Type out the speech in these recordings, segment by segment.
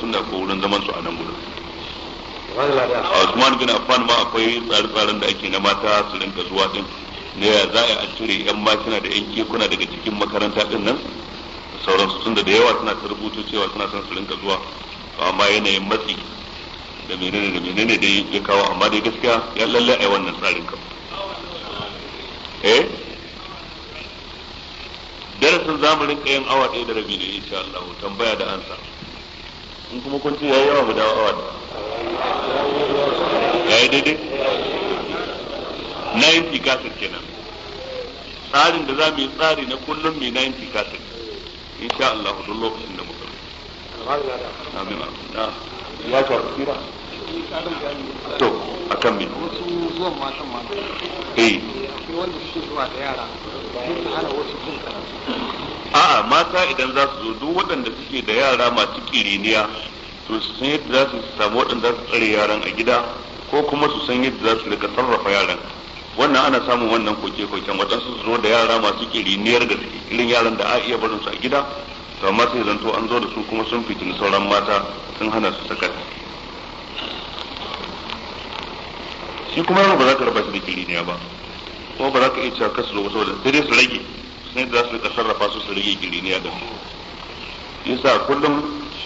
zo ko wurin zaman su a nan gurin a Usman bin Affan ma akwai tsare-tsaren da ake na mata su rinka zuwa din ne ya za a cire yan mashina da yan kekuna daga cikin makaranta din nan sauransu tun da yawa suna ta rubutu cewa suna son su rinka zuwa amma yanayin matsi da menene da menene dai ya kawo amma dai gaskiya ya lalle a wannan tsarin kan eh darasin zamu rinka yin awa ɗaya da rabi ne insha Allah tambaya da ansa in kuma kun ce yayi yawa guda awa da yayi daidai na yin tikasar kenan tsarin da za mu yi tsari na kullum mai na yin tikasar sha Allah duk lokacin da muka amin ya shafi kira to akan me wasu zuwan matan mata eh akwai wanda suke zuwa da yara a'a mata idan za su zo duk waɗanda suke da yara masu ƙiriniya to su san yadda za su samu waɗanda za su tsare yaran a gida ko kuma su san yadda za su rika sarrafa yaran wannan ana samun wannan koke koken waɗansu su zo da yara masu ƙiriniyar da irin yaran da a iya barin su a gida to amma sai zanto an zo da su kuma sun fitin sauran mata sun hana su saka shi kuma ba za ka raba shi da kiriniya ba ko ba za ka iya cakar su zo saboda sai dai su rage sai da za su rika sarrafa su su rage giriniya da yasa kullum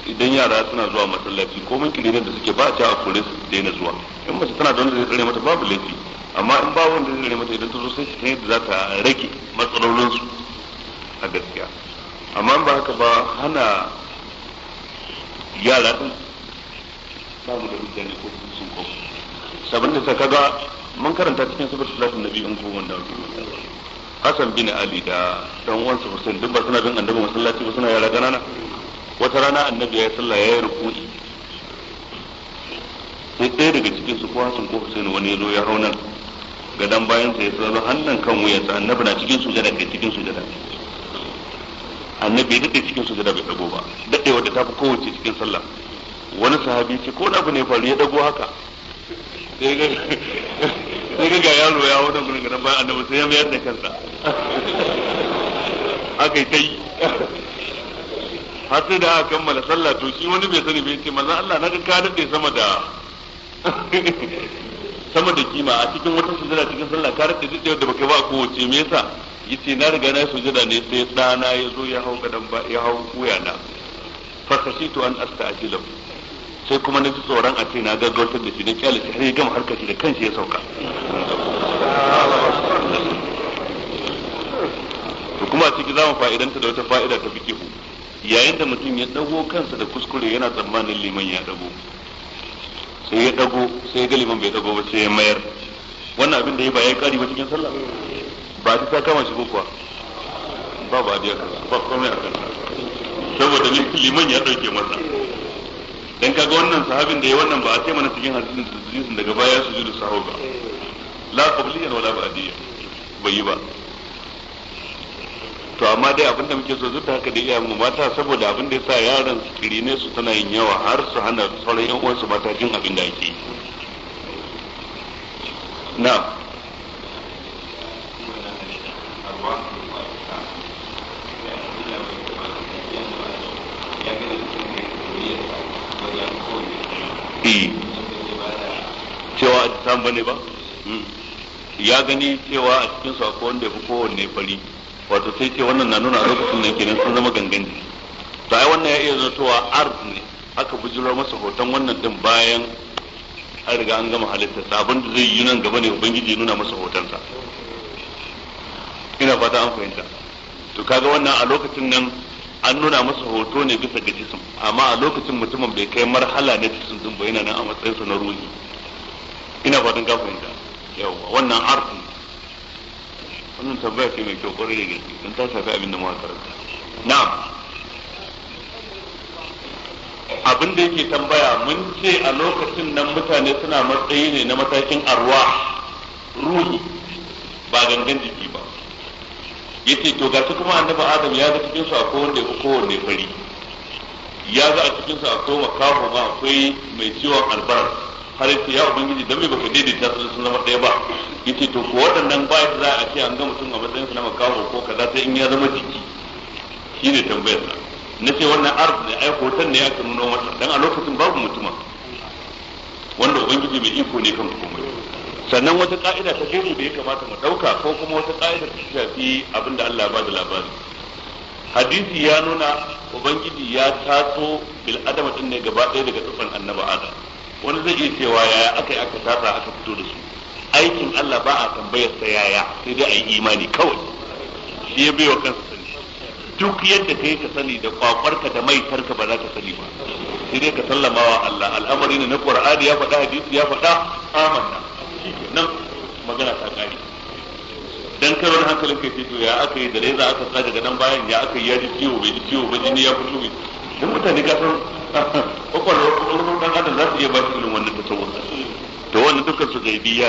idan yara suna zuwa masallaci ko mun kiriniyar da suke ba a cewa a kore su daina zuwa in mace tana da wanda zai tsare mata babu laifi amma in ba wanda zai tsare mata idan ta zo sai ta yadda za ta rage su a gaskiya amma ba haka ba hana yara din ba mu da ne ko sun kofi sabon da ta kaga mun karanta cikin sifar salatin nabi in ko wanda Hassan bin Ali da dan uwansa Hussein duk ba suna bin annabi masallaci ba suna yara ganana wata rana annabi ya yi sallah ya yi rukuni sai ɗaya daga cikin su ko Hassan ko Hussein wani ya zo ya raunar dan bayan sa ya sallo hannun kan wuyansa annabi na cikin gada kai cikin gada annabi daɗe cikin gada bai dago ba daɗewa da ta fi kowace cikin sallah wani sahabi ce ko na abu ne faru ya dago haka sai ga yaro ya wata gurin ganin bayan annabi sai ya mayar da kansa aka yi ta har sai da aka kammala sallah to shi wani bai sani bai ce maza Allah na ka daɗe sama da sama da kima a cikin wata sujada cikin sallah ka daɗe duk da baka ba kowace me yasa yace na riga na sujada ne sai ɗana ya zo ya hau kadan ba ya hau kuya na fasashitu an asta'jilu sai kuma na ji tsoron a ce na gaggautar da shi na kyale shi har ya gama harkar shi da kanshi ya sauka to kuma a ciki za mu fa'idanta da wata fa'ida ta fikihu yayin da mutum ya dago kansa da kuskure yana tsammanin liman ya dago sai ya dago sai ya ga liman bai dago ba sai ya mayar wannan abin da ya ba ya kari ba cikin sallah ba ta ta kama shi ko kuwa ba ba da ba komai a kansa saboda liman ya dauke masa dan kaga wannan sahabin da ya wannan ba a ce mana cikin hadisin daga baya su judu sahabu ba la qabliyan wala ba'diyan bai yi ba to amma dai abinda muke so zuta haka da iyayen mata saboda abin da yasa yaran su kirine su tana yin yawa har su hana sauran yan su mata jin abin da ake yi na'am cewa a tisan bane ba hmm. ya gani cewa a cikin sako wanda ya fi kowanne fari wato sai ce wannan na nuna a lokacin nan kenan sun zama ganganci to ai wannan ya iya zantowa art ne aka bujiro masa hoton wannan din bayan an riga an gama halitta abin da zai yi nan gaba ne ubangiji nuna masa hotonsa ina fata an fahimta to kaga wannan a lokacin nan an nuna masa hoto ne bisa ga jisim amma a lokacin mutumin bai kai marhala na jisim din ba yana nan a matsayinsa na ruhi ina fatan ka fahimta yawa wannan arfi wannan tambaya ce mai kyau kwarai da gaske don ta shafi abin da muka karanta na'am abin da yake tambaya mun ce a lokacin nan mutane suna matsayi ne na matakin arwa ruhi ba gangan jiki ba yace to ga kuma annabi adam ya ga cikin su akwai wanda ya kowanne fari ya ga a cikin su akwai makafu ba akwai mai ciwon albarar har yace ya ubangiji dan me baka daidaita su sun zama daya ba yace to ko waɗannan ba za a ce an ga mutum a matsayin su na makafu ko kaza sai in ya zama jiki shine tambayar sa na ce wannan arz ne ai hoton ne aka nuno masa dan a lokacin babu mutuma wanda ubangiji mai iko ne kan komai sannan wata ka'ida ta gani da ya kamata mu dauka ko kuma wata ka'ida ta shafi abinda Allah ba da labari hadisi ya nuna ubangiji ya taso bil adama din ne gaba ɗaya daga tsufan annaba adam wani zai iya cewa yaya aka yi aka tasa aka fito da su aikin Allah ba a tambayar sa yaya sai dai a yi imani kawai shi ya bai wa kansa sani duk yadda kai ka sani da kwakwarka da maitarka ba za ka sani ba sai dai ka sallama wa Allah al'amari ne na Qur'ani ya faɗa hadisi ya faɗa amanna nan magana ta kare dan karo da hankalin kai to ya aka yi da reza aka sa daga nan bayan ya aka yi ya ji ciwo bai ji ciwo ba jini ya fito bai dan mutane ka san kwakwalwar kwakwalwar dan adam za su iya ba shi irin wannan tsawon to wannan dukkan su ya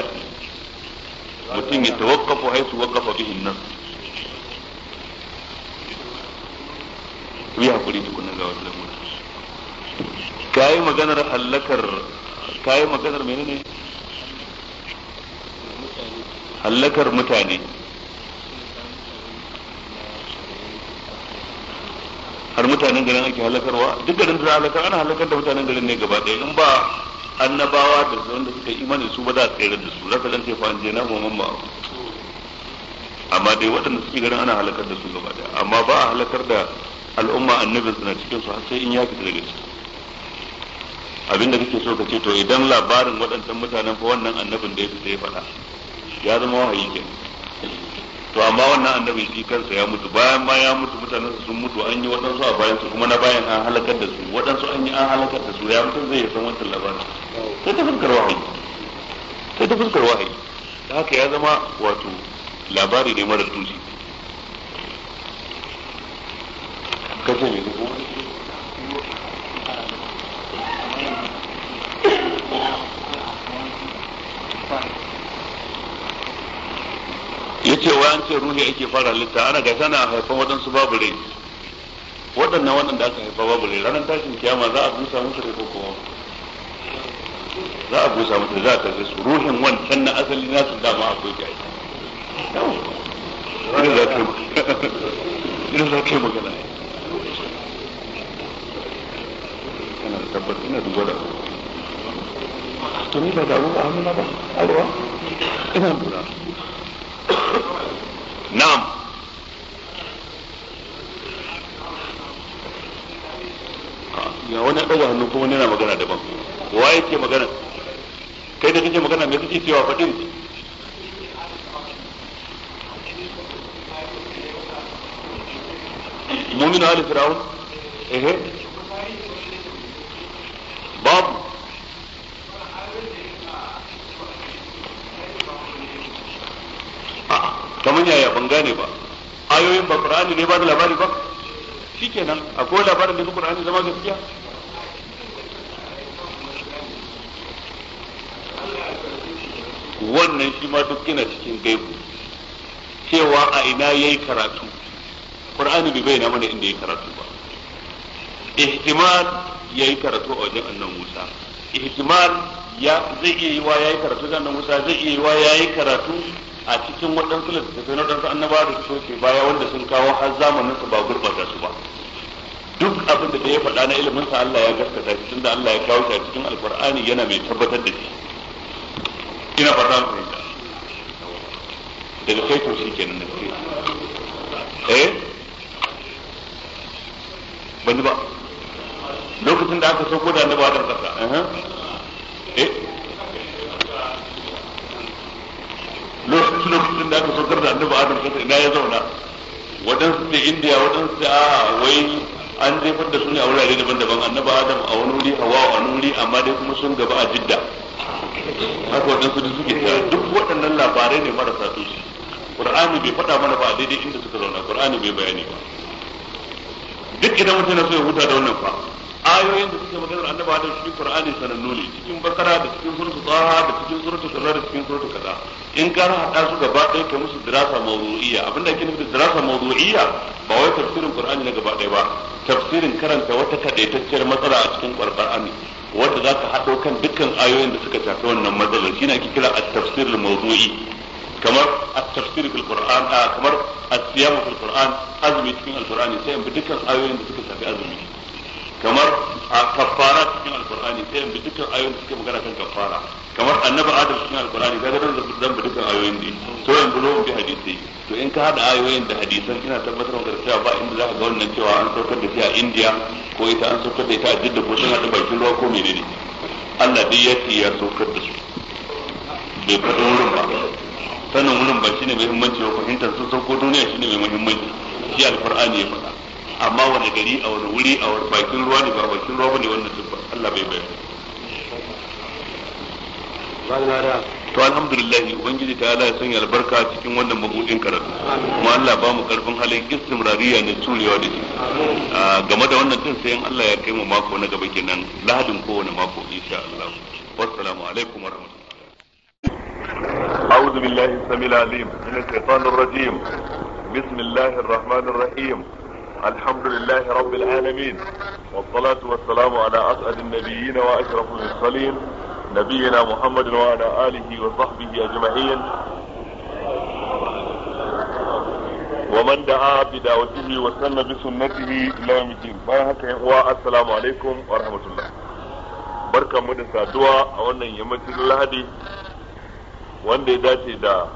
mutum ya tawakkafu haisu wakafa bihin nan yi hakuri tukunan ga wasu mutum kayi maganar hallakar kayi maganar menene hallakar mutane har mutanen garin ake halakarwa duk garin da za halakar ana halakar da mutanen garin ne gaba ɗaya in ba annabawa da wanda suka yi imani su ba za a tsere da su za ka zance fa an je na mamman ba amma dai waɗanda suke garin ana halakar da su gaba ɗaya amma ba a halakar da al'umma annabin suna cikin su har sai in ya fita daga ciki Abinda kake so ka ce to idan labarin waɗancan mutanen fa wannan annabin da ya fita ya faɗa ya zama wahayi ke to amma wannan annabi shi kansa ya mutu bayan ma ya mutu mutanen sun mutu an yi waɗansu a bayan su kuma na bayan an halakar da su waɗansu an yi an halakar da su ya mutu zai san wancan labarin sai ta fuskar wahayi sai ta fuskar wahayi da haka ya zama wato labari ne mara tushe kace ne ko Thank you. yace wa an ce ruhi ake fara halitta ana ga tana haifa waɗansu babu rai waɗannan waɗanda aka haifa babu rai ranar tashin kiyama za a busa musu rai ko kuma za a busa musu za a tafi su ruhin wancan na asali sun dama akwai ki aiki irin za ka yi magana da tabbata ina duba da to ni ba da ba hannuna ba ina lura na'am ga wani hannu kuma magana daban wa yake magana kai da kake magana me kake cewa faɗin ehe babu gane ya ban gane ba ayoyin ba qur'ani ne ba da labari ba shikenan akwai labarin da qur'ani zama gaskiya wannan shi ma duk yana cikin gaibu cewa a ina yayi karatu qur'ani bai bayyana mana inda yayi karatu ba ihtimal yayi karatu a wajen annabi Musa ihtimal ya zai iya yi wa yayi karatu da annabi Musa zai iya yi wa yayi karatu a cikin waɗansu littattafai na waɗansu annabawa da su ke baya wanda sun kawo har zamanin su ba gurɓata su ba duk abin da ya faɗa na ilimin sa Allah ya gaskata shi tunda Allah ya kawo shi a cikin alqur'ani yana mai tabbatar da shi ina ba ku mu daga kai to shi kenan nake eh bani ba lokacin da aka sauko da annabawa da kasa eh lokacin lokacin da aka saukar da annabi adam kasa ina ya zauna waɗansu da indiya waɗansu da a wai an jefar da su ne a wurare daban-daban annabi adam a wani wuri hawa a wani wuri amma dai kuma sun gaba a jidda haka waɗansu da suke tara duk waɗannan labarai ne marasa tushe qur'ani bai faɗa mana ba a daidai inda suka zauna qur'ani bai bayani ba duk idan mutum na so ya huta da wannan fa ayoyin da suke maganar annaba da shi qur'ani sanannu ne cikin bakara da cikin suratul tsaha da cikin suratul kaza da cikin suratul kaza in ka hada su gaba ɗaya ka musu dirasa mawdu'iyya abinda ake nufi da dirasa mawdu'iyya ba wai tafsirin qur'ani na gaba ɗaya ba tafsirin karanta wata kadaitacciyar matsala a cikin qur'ani wanda za ka haɗo kan dukkan ayoyin da suka tafi wannan matsalar shine ake kira at-tafsir al-mawdu'i kamar at-tafsir fil qur'an kamar as-siyam fil qur'an azumi cikin al-qur'ani sai in bi dukkan ayoyin da suka tafi azumi kamar a kafara cikin alkur'ani sai in dukkan ayoyin da suke magana kan kafara kamar annabi adam cikin alkur'ani ga nan zan bi dukkan ayoyin ne to in bi bi hadisi to in ka hada ayoyin da hadisan ina tabbatar maka da cewa ba inda za ka ga wannan cewa an saukar da shi a India ko ita an saukar da ita a Jidda ko sun hada bakin ruwa ko menene Allah dai ya ce ya saukar da su bai faɗi wurin ba sanin wurin ba shine muhimmanci ba fahimtar sun sauko duniya shine mai muhimmanci shi alkur'ani ya faɗa amma wani gari a wani wuri a wani bakin ruwa ne ba bakin ruwa bane wannan duk Allah bai bayar to alhamdulillah ubangiji ta Allah ya sanya albarka cikin wannan mabudin karatu kuma Allah ba mu karfin halin istimrariya na turewa da shi game da wannan din sai Allah ya kai mu mako na gaba kenan lahadin kowane mako insha Allah wassalamu alaikum warahmatullahi أعوذ بالله السميع العليم من الشيطان الرجيم بسم الله الرحمن الرحيم الحمد لله رب العالمين والصلاة والسلام على أسعد النبيين وأشرف المرسلين نبينا محمد وعلى آله وصحبه أجمعين ومن دعا بدعوته وسن بسنته إلى يوم الدين السلام عليكم ورحمة الله barkan mu da saduwa a wannan yammacin lahadi wanda ya dace da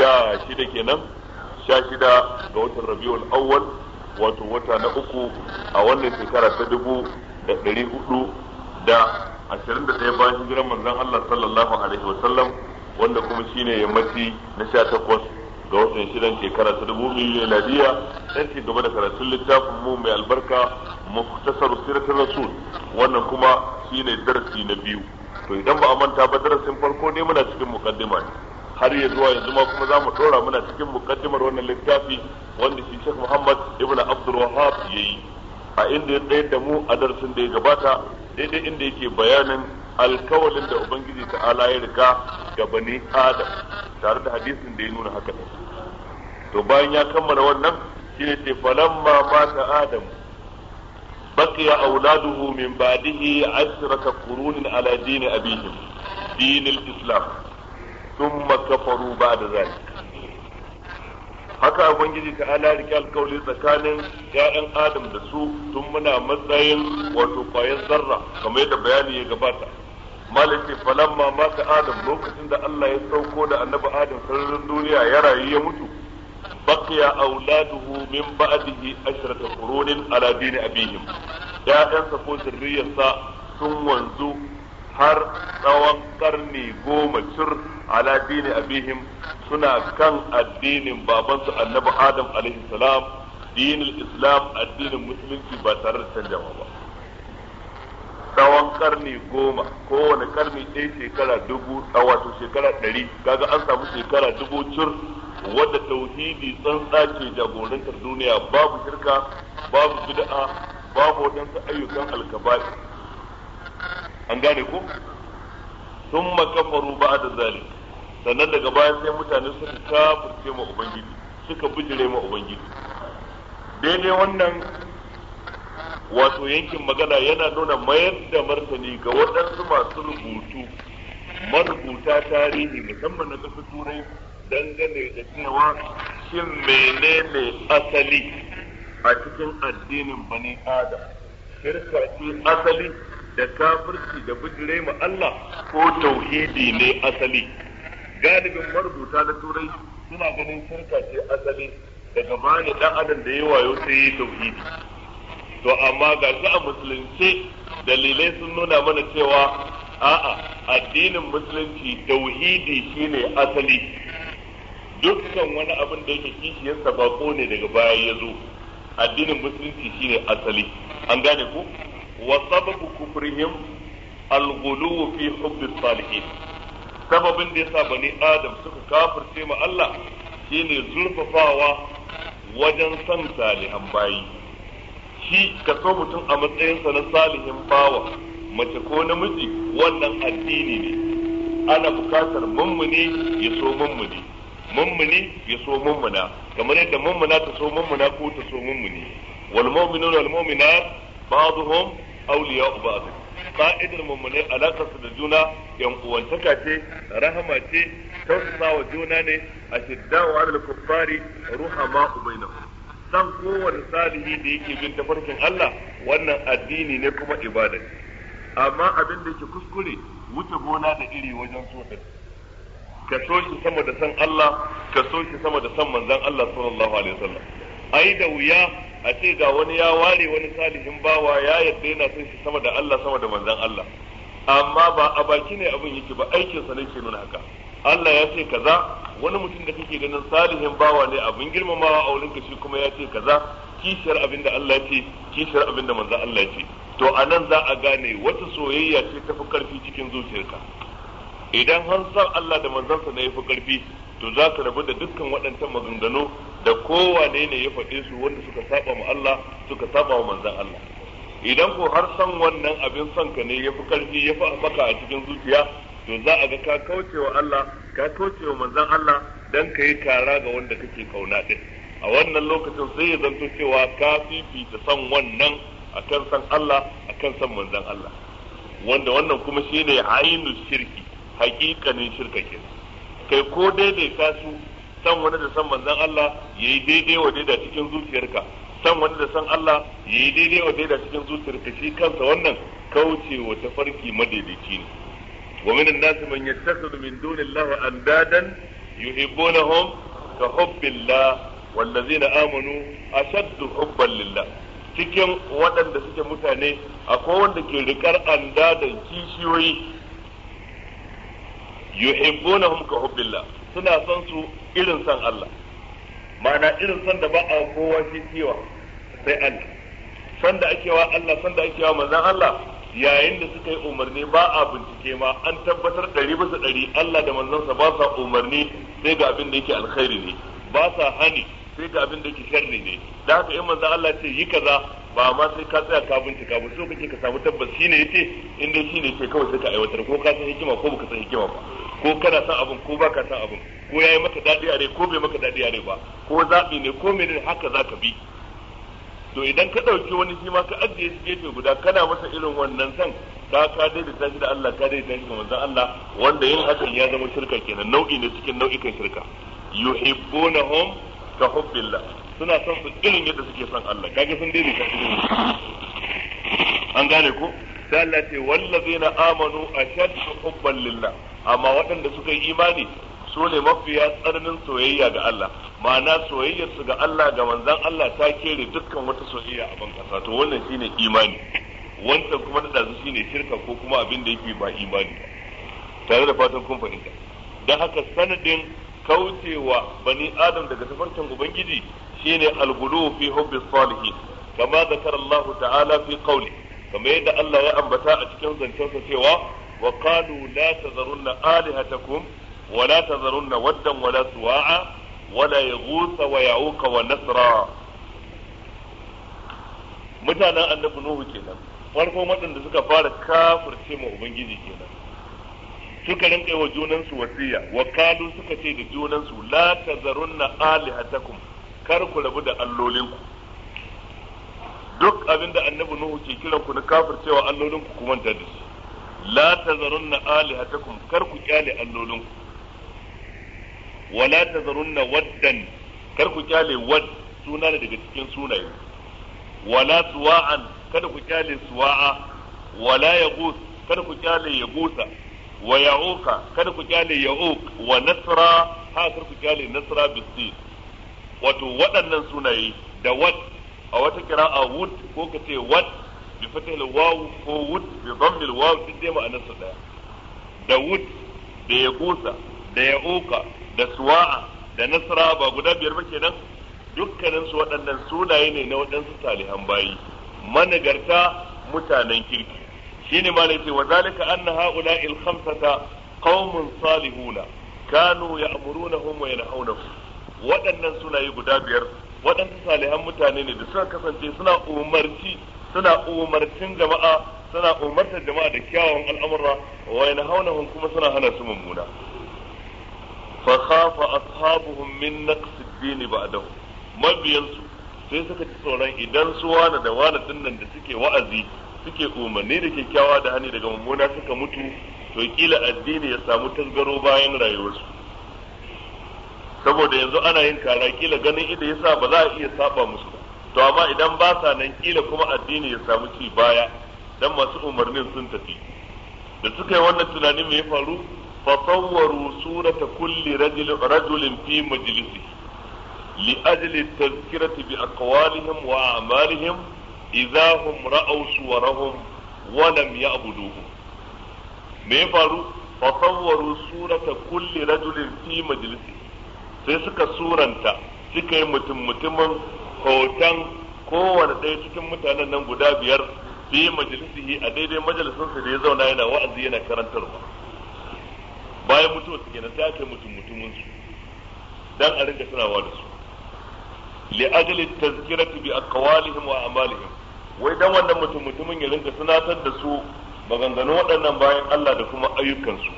sha shida kenan sha shida ga watan rabiul awwal wato wata na uku a wannan shekara ta dubu da ɗari hudu da ashirin da ɗaya bayan hijiran manzon Allah sallallahu alaihi wa sallam wanda kuma shine mati na sha takwas ga watan shidan shekara ta dubu biyu miladiya dan ci gaba da karatun littafin mu mai albarka muftasar siratul rasul wannan kuma shine darasi na biyu to idan ba a manta ba darasin farko ne muna cikin mukaddima har ya zuwa yanzu ma kuma za mu tora muna cikin mukaddimar wannan littafi wanda shi Sheikh Muhammad Ibn Abdul Wahhab yayi a inda ya da mu a darasin da ya gabata daidai inda yake bayanin alkawalin da Ubangiji ta'ala ya riga ga bani Adam tare da hadisin da ya nuna haka to bayan ya kammala wannan shi ne ce falamma mata Adam بقي أولاده من بعده عشرة قرون على دين أبيهم دين الإسلام thumma ba da zai haka ubangiji ta ala rike alkawari tsakanin ya'yan adam da su tun muna matsayin wato kwayan zarra kamar yadda bayani ya gabata malaki falamma mata adam lokacin da Allah ya sauko da annabi adam sararin duniya ya rayu ya mutu baqiya auladuhu min ba'dihi ashrata qurunin ala dini abihim ya'yansa ko zurriyarsa sun wanzu har tsawon karni goma cir ala dini abihim suna kan addinin babansu annabi adam alaihi salam dinin islam addinin musulunci ba tare da canjawa ba tsawon karni goma kowane karni ɗaya shekara dubu wato shekara ɗari kaga an samu shekara dubu cir wadda tauhidi tsantsa ce jagorantar duniya babu shirka babu bid'a babu waɗansu ayyukan alkaba'i an gane ko sun makafaru ba da zari sannan daga baya sai mutane suka kafurce ma ubangiji suka bijire ma ubangiji daidai wannan wato yankin magana yana nuna mayar da martani ga waɗansu masu rubutu marubuta tarihi musamman na ƙasar turai dangane da cewa shin menene asali a cikin addinin bani adam shirka asali da kafirci da bijire ma Allah ko tauhidi ne asali galibin marubuta na turai suna ganin shirka ce asali daga bani dan adam da ya wayo sai ya tauhidi to amma ga su a musulunci dalilai sun nuna mana cewa a'a addinin musulunci tauhidi shine asali dukkan wani abin da yake kishiyarsa bako ne daga baya ya zo addinin musulunci shine asali an gane ku wa sababu kufrihim al-ghulu fi hubbi salihin sababin da yasa bani adam suka kafirce ma Allah shine zurfafawa wajen san salihan bayi shi ka so mutum a matsayinsa na salihin bawa mace ko namiji wannan addini ne ana bukatar mummuni ya so mummuni mummuni ya so mummuna kamar yadda mummuna ta so mummuna ko ta so mummuni wal mu'minuna wal mu'minat ba'dhum auliya ba'd ka'idar mummune alaƙar su da juna yan uwantaka ce rahama ce tausasawa juna ne a shiddawa alal kuffari ruhama ubaina san kowane salihi da yake bin tafarkin Allah wannan addini ne kuma ibada ce amma abin da yake kuskure wuce gona da iri wajen so ka so shi sama da san Allah ka so shi sama da san manzon Allah sallallahu alaihi wasallam ai da wuya a ce ga wani ya ware wani salihin bawa ya yadda yana son shi sama da Allah sama da manzon Allah amma ba a baki ne abin yake ba aikinsa ne ke nuna haka Allah ya ce kaza wani mutum da kake ganin salihin bawa ne abin girmamawa a wurinka shi kuma ya ce kaza kishiyar abin da Allah ya ce kishiyar abin da manzon Allah ya ce to a nan za a gane wata soyayya ce ta fi karfi cikin zuciyarka idan har san Allah da manzansa ne ya fi karfi to za ka rabu da dukkan waɗancan maganganu da kowane ne ya faɗe su wanda suka saba ma Allah suka saba wa manzon Allah idan ko har san wannan abin son ka ne yafi karfi yafi haɓaka a cikin zuciya to za a ga ka kauce wa Allah ka kauce wa manzon Allah dan ka yi kara ga wanda kake kauna din a wannan lokacin sai ya zanto cewa ka fifita son wannan akan san Allah akan san manzon Allah wanda wannan kuma shine hainu shirki hakikanin shirka kenan kai ko daidaita su san wani da san manzan Allah ya yi daidai wa daida cikin zuciyarka san wani da san Allah ya yi daidai wa daida cikin zuciyarka shi kansa wannan kauce wa tafarki madaidaici ne wa minan nasu man yattakhidhu min dunillahi andadan yuhibbunahum ka hubbillah wallazina amanu ashaddu hubban lillah cikin waɗanda suke mutane akwai wanda ke rikar andadan kishiyoyi yuhibbunahum ka hubbillah suna son su irin san Allah ma'ana irin san da ba a kowa shi cewa sai Allah san da ake wa Allah san da ake wa manzon Allah yayin da suka yi umarni ba a bincike ma an tabbatar ɗari bisa ɗari Allah da manzansa ba sa umarni sai ga abin da yake alkhairi ne ba sa hani sai ga abin da yake sharri ne da haka in manzo Allah ce yi kaza ba ma sai ka tsaya ka bincika ba so kake ka samu tabbas shine yace in dai shine yace kawai sai ka aiwatar ko ka san hikima ko baka san hikima ba ko kana san abin ko baka san abin ko yayi maka dadi a rai ko bai maka dadi a rai ba ko zabi ne ko menene haka zaka bi to idan ka dauki wani shi ma ka ajiye shi gefe guda kana masa irin wannan san ka ka daidaita shi da Allah ka daidaita shi da manzon Allah wanda yin hakan ya zama shirka kenan nau'i ne cikin nau'ikan shirka yuhibbunahum ka hubbilla suna son su irin yadda suke son Allah kaga sun daidai ka irin an gane ko sai Allah ce wallazina amanu ashaddu hubban lillah amma waɗanda suka yi imani su ne mafiya tsananin soyayya ga Allah ma'ana soyayyarsu ga Allah ga manzon Allah ta kere dukkan wata soyayya a ban to wannan shine imani wancan kuma da dazu shine shirka ko kuma abin da yake ba imani tare da fatan kun fahimta dan haka sanadin kaucewa bani adam daga tafarkin ubangiji shine algulu fi hubbi salihin kama zakara Allah ta'ala fi qawli kama yadda Allah ya ambata a cikin zancensa cewa wa qalu la tazarunna alihatakum wa la tazarunna waddan wa la suwa'a wa la yaghutha wa ya'uqa wa nasra mutanen annabi nuhu kenan farko waɗanda suka fara kafirce ma ubangiji kenan suka rinka wa junansu wasiya wa kalu suka ce da junansu la tazarunna alihatakum kar ku rabu da allolinku duk abinda annabi nuhu ke kiran ku na cewa allolinku ku manta da shi la tazarunna alihatakum kar ku kyale allolinku wa la tazarunna waddan kar ku kyale wad suna ne daga cikin sunaye wa la suwa'an kada ku kyale suwa'a wa la yaghus kada ku kyale yaghusa wa ya'uka kada ku kyale ya'uk wa nasra ha kar ku kyale nasra bisti wato waɗannan sunaye da wat a wata kira'a wut ko ka ce wat bi fatihil waw ko wut bi dhammil waw duk dai ma'ana su daya da wut da ya'uka da ya'uka da suwa'a da nasra ba guda biyar ba kenan dukkanin su waɗannan sunaye ne na waɗansu talihan bayi manigarta mutanen kirki shine ma ce wa zalika anna haula il khamsata qaumun salihuna kanu ya'murunahum wa yanhaunahum waɗannan yi guda biyar waɗansu salihan mutane ne da suka kasance suna umarci suna umarcin jama'a suna umartar jama'a da kyawawan al'amura wa yanhaunahum kuma suna hana su mummuna fa khafa ashabuhum min naqs ad-din ba'dahu mabiyansu sai suka ci tsoron idan su wani da wani dinnan da suke wa'azi suke umarni da kyakkyawa da hani daga mummuna suka mutu to kila addini ya samu tangaro bayan rayuwarsu saboda yanzu ana yin kara kila ganin inda yasa ba za a iya saba musu to amma idan ba sa nan kila kuma addini ya samu ci baya dan masu umarnin sun tafi da suka yi wannan tunani mai faru fa sawwaru surata kulli rajulin fi majlisi li ajli tadhkirati bi aqwalihim wa a'malihim hum ra'aw suwarahum wa lam ya'buduhu me ya faru fa sawwaru surata kulli rajulin fi majlisi sai suka suranta suka yi mutum mutumin hoton kowane ɗaya cikin mutanen nan guda biyar fi majalisihi a daidai su da ya zauna yana wa'azi yana karantarwa bayan mutuwa su kenan sai aka mutum mutumin su dan a rinka tunawa da su li ajli tazkirati bi aqwalihim wa a'malihim wai dan wannan mutum mutumin ya rinka sanatar da su maganganun waɗannan bayan Allah da kuma ayyukansu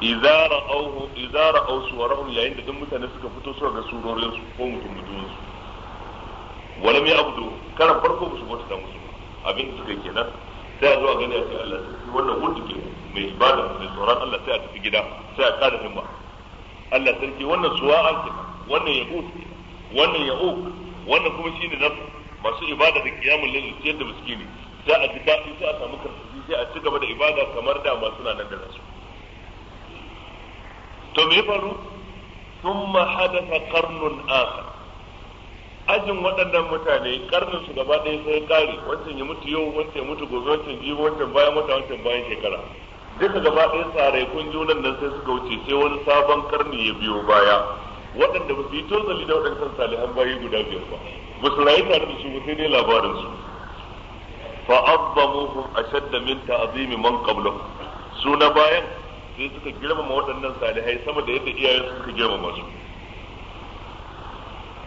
idza ra'awhu idza ra'aw suwarahum yayin da duk mutane suka fito suka ga surorin su ko mutum mutumin su walam ya abdu karan farko musu bauta ta musu abin da suka kenan sai a zo a gani a ce Allah sai wannan gudu ke mai ibada mai tsoron Allah sai a tafi gida sai a kada himma Allah sarki wannan suwa'an kenan wannan yaqut wannan ya'uq wannan kuma shine nafsu masu ibada da kiyamun lalle ciyar da miskini sai a ji daɗi sai a samu karfafi sai a ci gaba da ibada kamar da masu nan da su to me faru thumma hadatha qarnun akhar ajin waɗannan mutane karnin su gaba ɗaya sai kare wancan ya mutu yau wancan ya mutu gobe wancan jibi wancan bayan wata wancan bayan shekara duka gaba ɗaya sare, kun junan nan sai suka wuce sai wani sabon karni ya biyo baya waɗanda ba su yi tozali da waɗancan salihan bayi guda biyar ba ba su rayu tare da su ba sai dai labarin su fa azzamuhum ashadda min ta'zimi man qablu su na bayan sai suka girmama waɗannan salihai sama da yadda iyayen su suka girmama su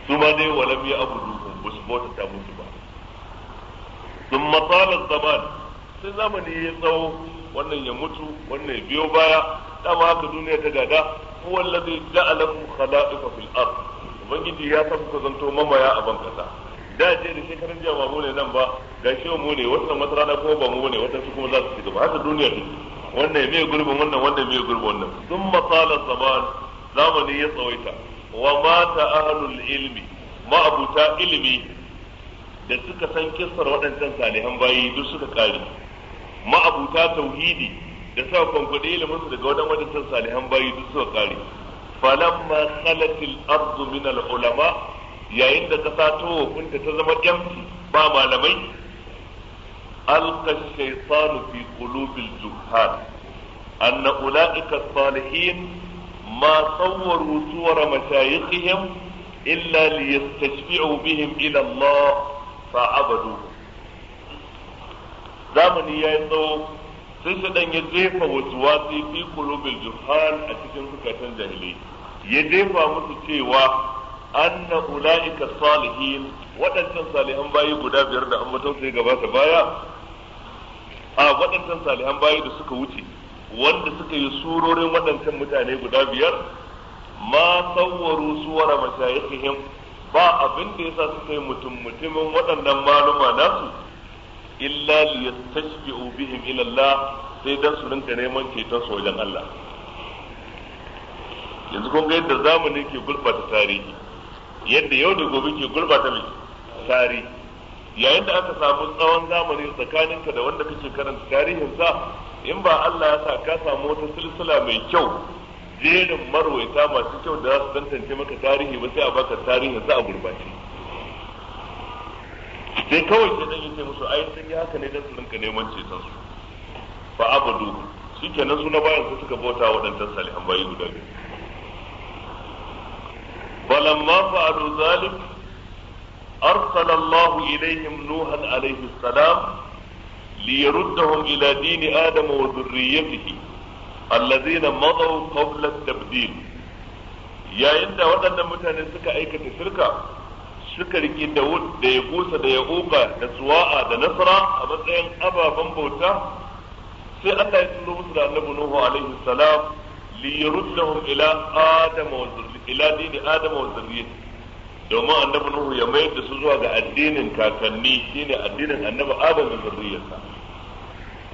su ma dai walam ya abuduhum ba su ta musu ba sun matsalar zaman sai zamani ya tsawo wannan ya mutu wannan ya biyo baya dama haka duniya ta gada huwa alladhi ja'alakum khala'ifa fil ard ubangiji ya san ku zanto mamaya a ban kasa da je da shekarun jiya ba mu ne nan ba ga shi mu ne wannan wata rana kuma ba mu ne wata su kuma za su ci gaba haka duniya ne wannan mai gurbin wannan wannan mai gurbin wannan sun matsala zaman zamani ya tsawaita wa mata ahlul ilmi ma'abuta ilimi da suka san kissar waɗancan salihan bayi duk suka kare ma'abuta tauhidi da sa kwankwaɗe ilimin musu daga wadan wadancan salihan bayi duk suka kare falamma khalatil ardu min al ulama yayin da kasa ta wofinta ta zama yamci ba malamai alqa shaytanu fi qulubil juhal anna ulaika salihin ma sawwaru suwara mashayikhihim illa liyastashfi'u bihim ila Allah abadu. zamani yayi tsawo sai shaɗan ya jefa wasu watsi fi kulubin juhal a cikin sukatan jahili ya jefa musu cewa anna ulaika salihin waɗancan salihan bayi guda biyar da ambaton sai gaba ta baya a waɗancan salihan bayi da suka wuce wanda suka yi surorin waɗancan mutane guda biyar ma sauwaru suwara mashayikihim ba abin da yasa suka yi mutum mutumin waɗannan maluma nasu illa liyastashfi'u bihim ila Allah sai dan su rinka neman ceton su wajen Allah yanzu kun ga yadda zamani ke gurbata tarihi yadda yau da gobe ke gurbata mai tarihi yayin da aka samu tsawon zamani tsakanin ka da wanda kake karanta tarihinsa in ba Allah ya sa ka samu wata silsila mai kyau jerin marwaita masu kyau da za su tantance maka tarihi ba sai a baka tarihinsa a gurbace sai kawai sai dan yace musu ai sun yi haka ne dan su rinka neman ceton su fa abadu shikenan su na bayan su suka bauta waɗannan salihan bayi guda biyu falamma fa'alu zalik أرسل الله إليهم نوحا عليه السلام ليردهم إلى دين آدم وذريته الذين مضوا قبل التبديل yayin da waɗannan mutane suka aikata shirka suka da Dawud da ya gusa da ya uka da suwa'a da nasara a matsayin ababen bauta sai Allah ya turo musu da annabi Nuhu alaihi salam li yuruddahum ila adam wa ila dini adam wa zurri domin annabi Nuhu ya mayar da su zuwa ga addinin kakanni shine addinin annabi Adam da zurriyarsa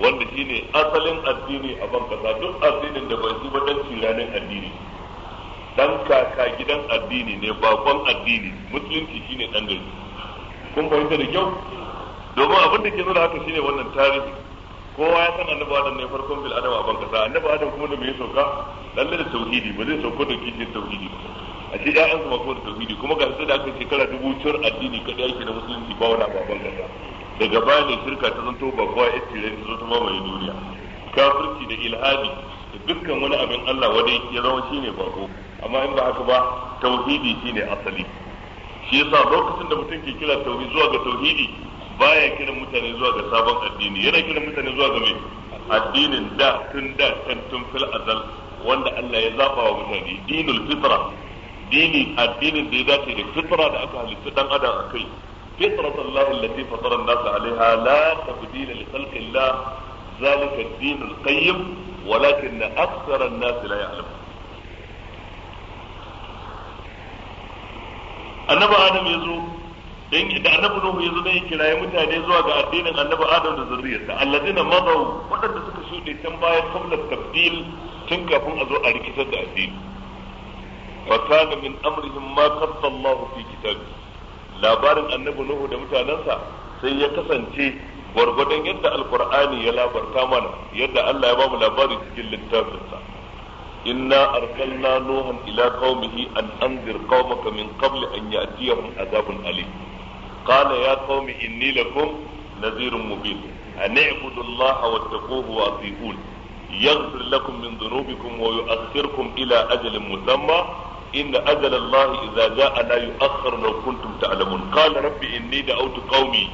wanda shine asalin addini a ban kasa duk addinin da bai shi ba dan ranar addini dan kaka gidan addini ne bakon addini musulunci shine dan gari kun fahimta da kyau domin abin da ke nuna haka shine wannan tarihi kowa ya san annabi adam ne farkon bil adam a banka sa annabi adam kuma da me sauka lalle da tauhidi ba zai sauko da kishin tauhidi a ce ƴaƴan su mako da tauhidi kuma ga sai da aka shekara dubu cur addini kadai yake na musulunci ba wani baban kasa daga baya ne shirka ta zanto ba kowa ya zo ta zanto mamaye duniya kafirci da ilhadi da dukkan wani abin Allah wadai ya zama shine bako amma in ba haka ba tauhidi shine asali shi yasa lokacin da mutum ke kira tauhidi zuwa ga tauhidi baya kiran mutane zuwa ga sabon addini yana kiran mutane zuwa ga mai addinin da tun da can tun fil azal wanda Allah ya zaba wa mutane dinul fitra dini addinin da ya dace da fitra da aka halitta dan adam akai fitrat Allah allati fatara an-nas 'alayha la tabdila li khalqi Allah zalika ad-din al-qayyim walakin annabi adam ya zo dan da annabi nuhu ya zo dan ya kiraye mutane zuwa ga addinin annabi adam da zurriyarsa alladina madaw wadanda suka shude tan baya qabla tabdil tun kafin a zo a rikitar da addini wa kana min amrihim ma qatta Allah fi kitab labarin annabi nuhu da mutanansa sai ya kasance gwargwadon yadda alkur'ani ya labarta mana yadda Allah ya ba mu labari cikin littafinsa إنا أرسلنا نوحا إلى قومه أن أنذر قومك من قبل أن يأتيهم عذاب أليم قال يا قوم إني لكم نذير مبين أن اعبدوا الله واتقوه وأطيعون يغفر لكم من ذنوبكم ويؤخركم إلى أجل مسمى إن أجل الله إذا جاء لا يؤخر لو كنتم تعلمون قال رب إني دعوت قومي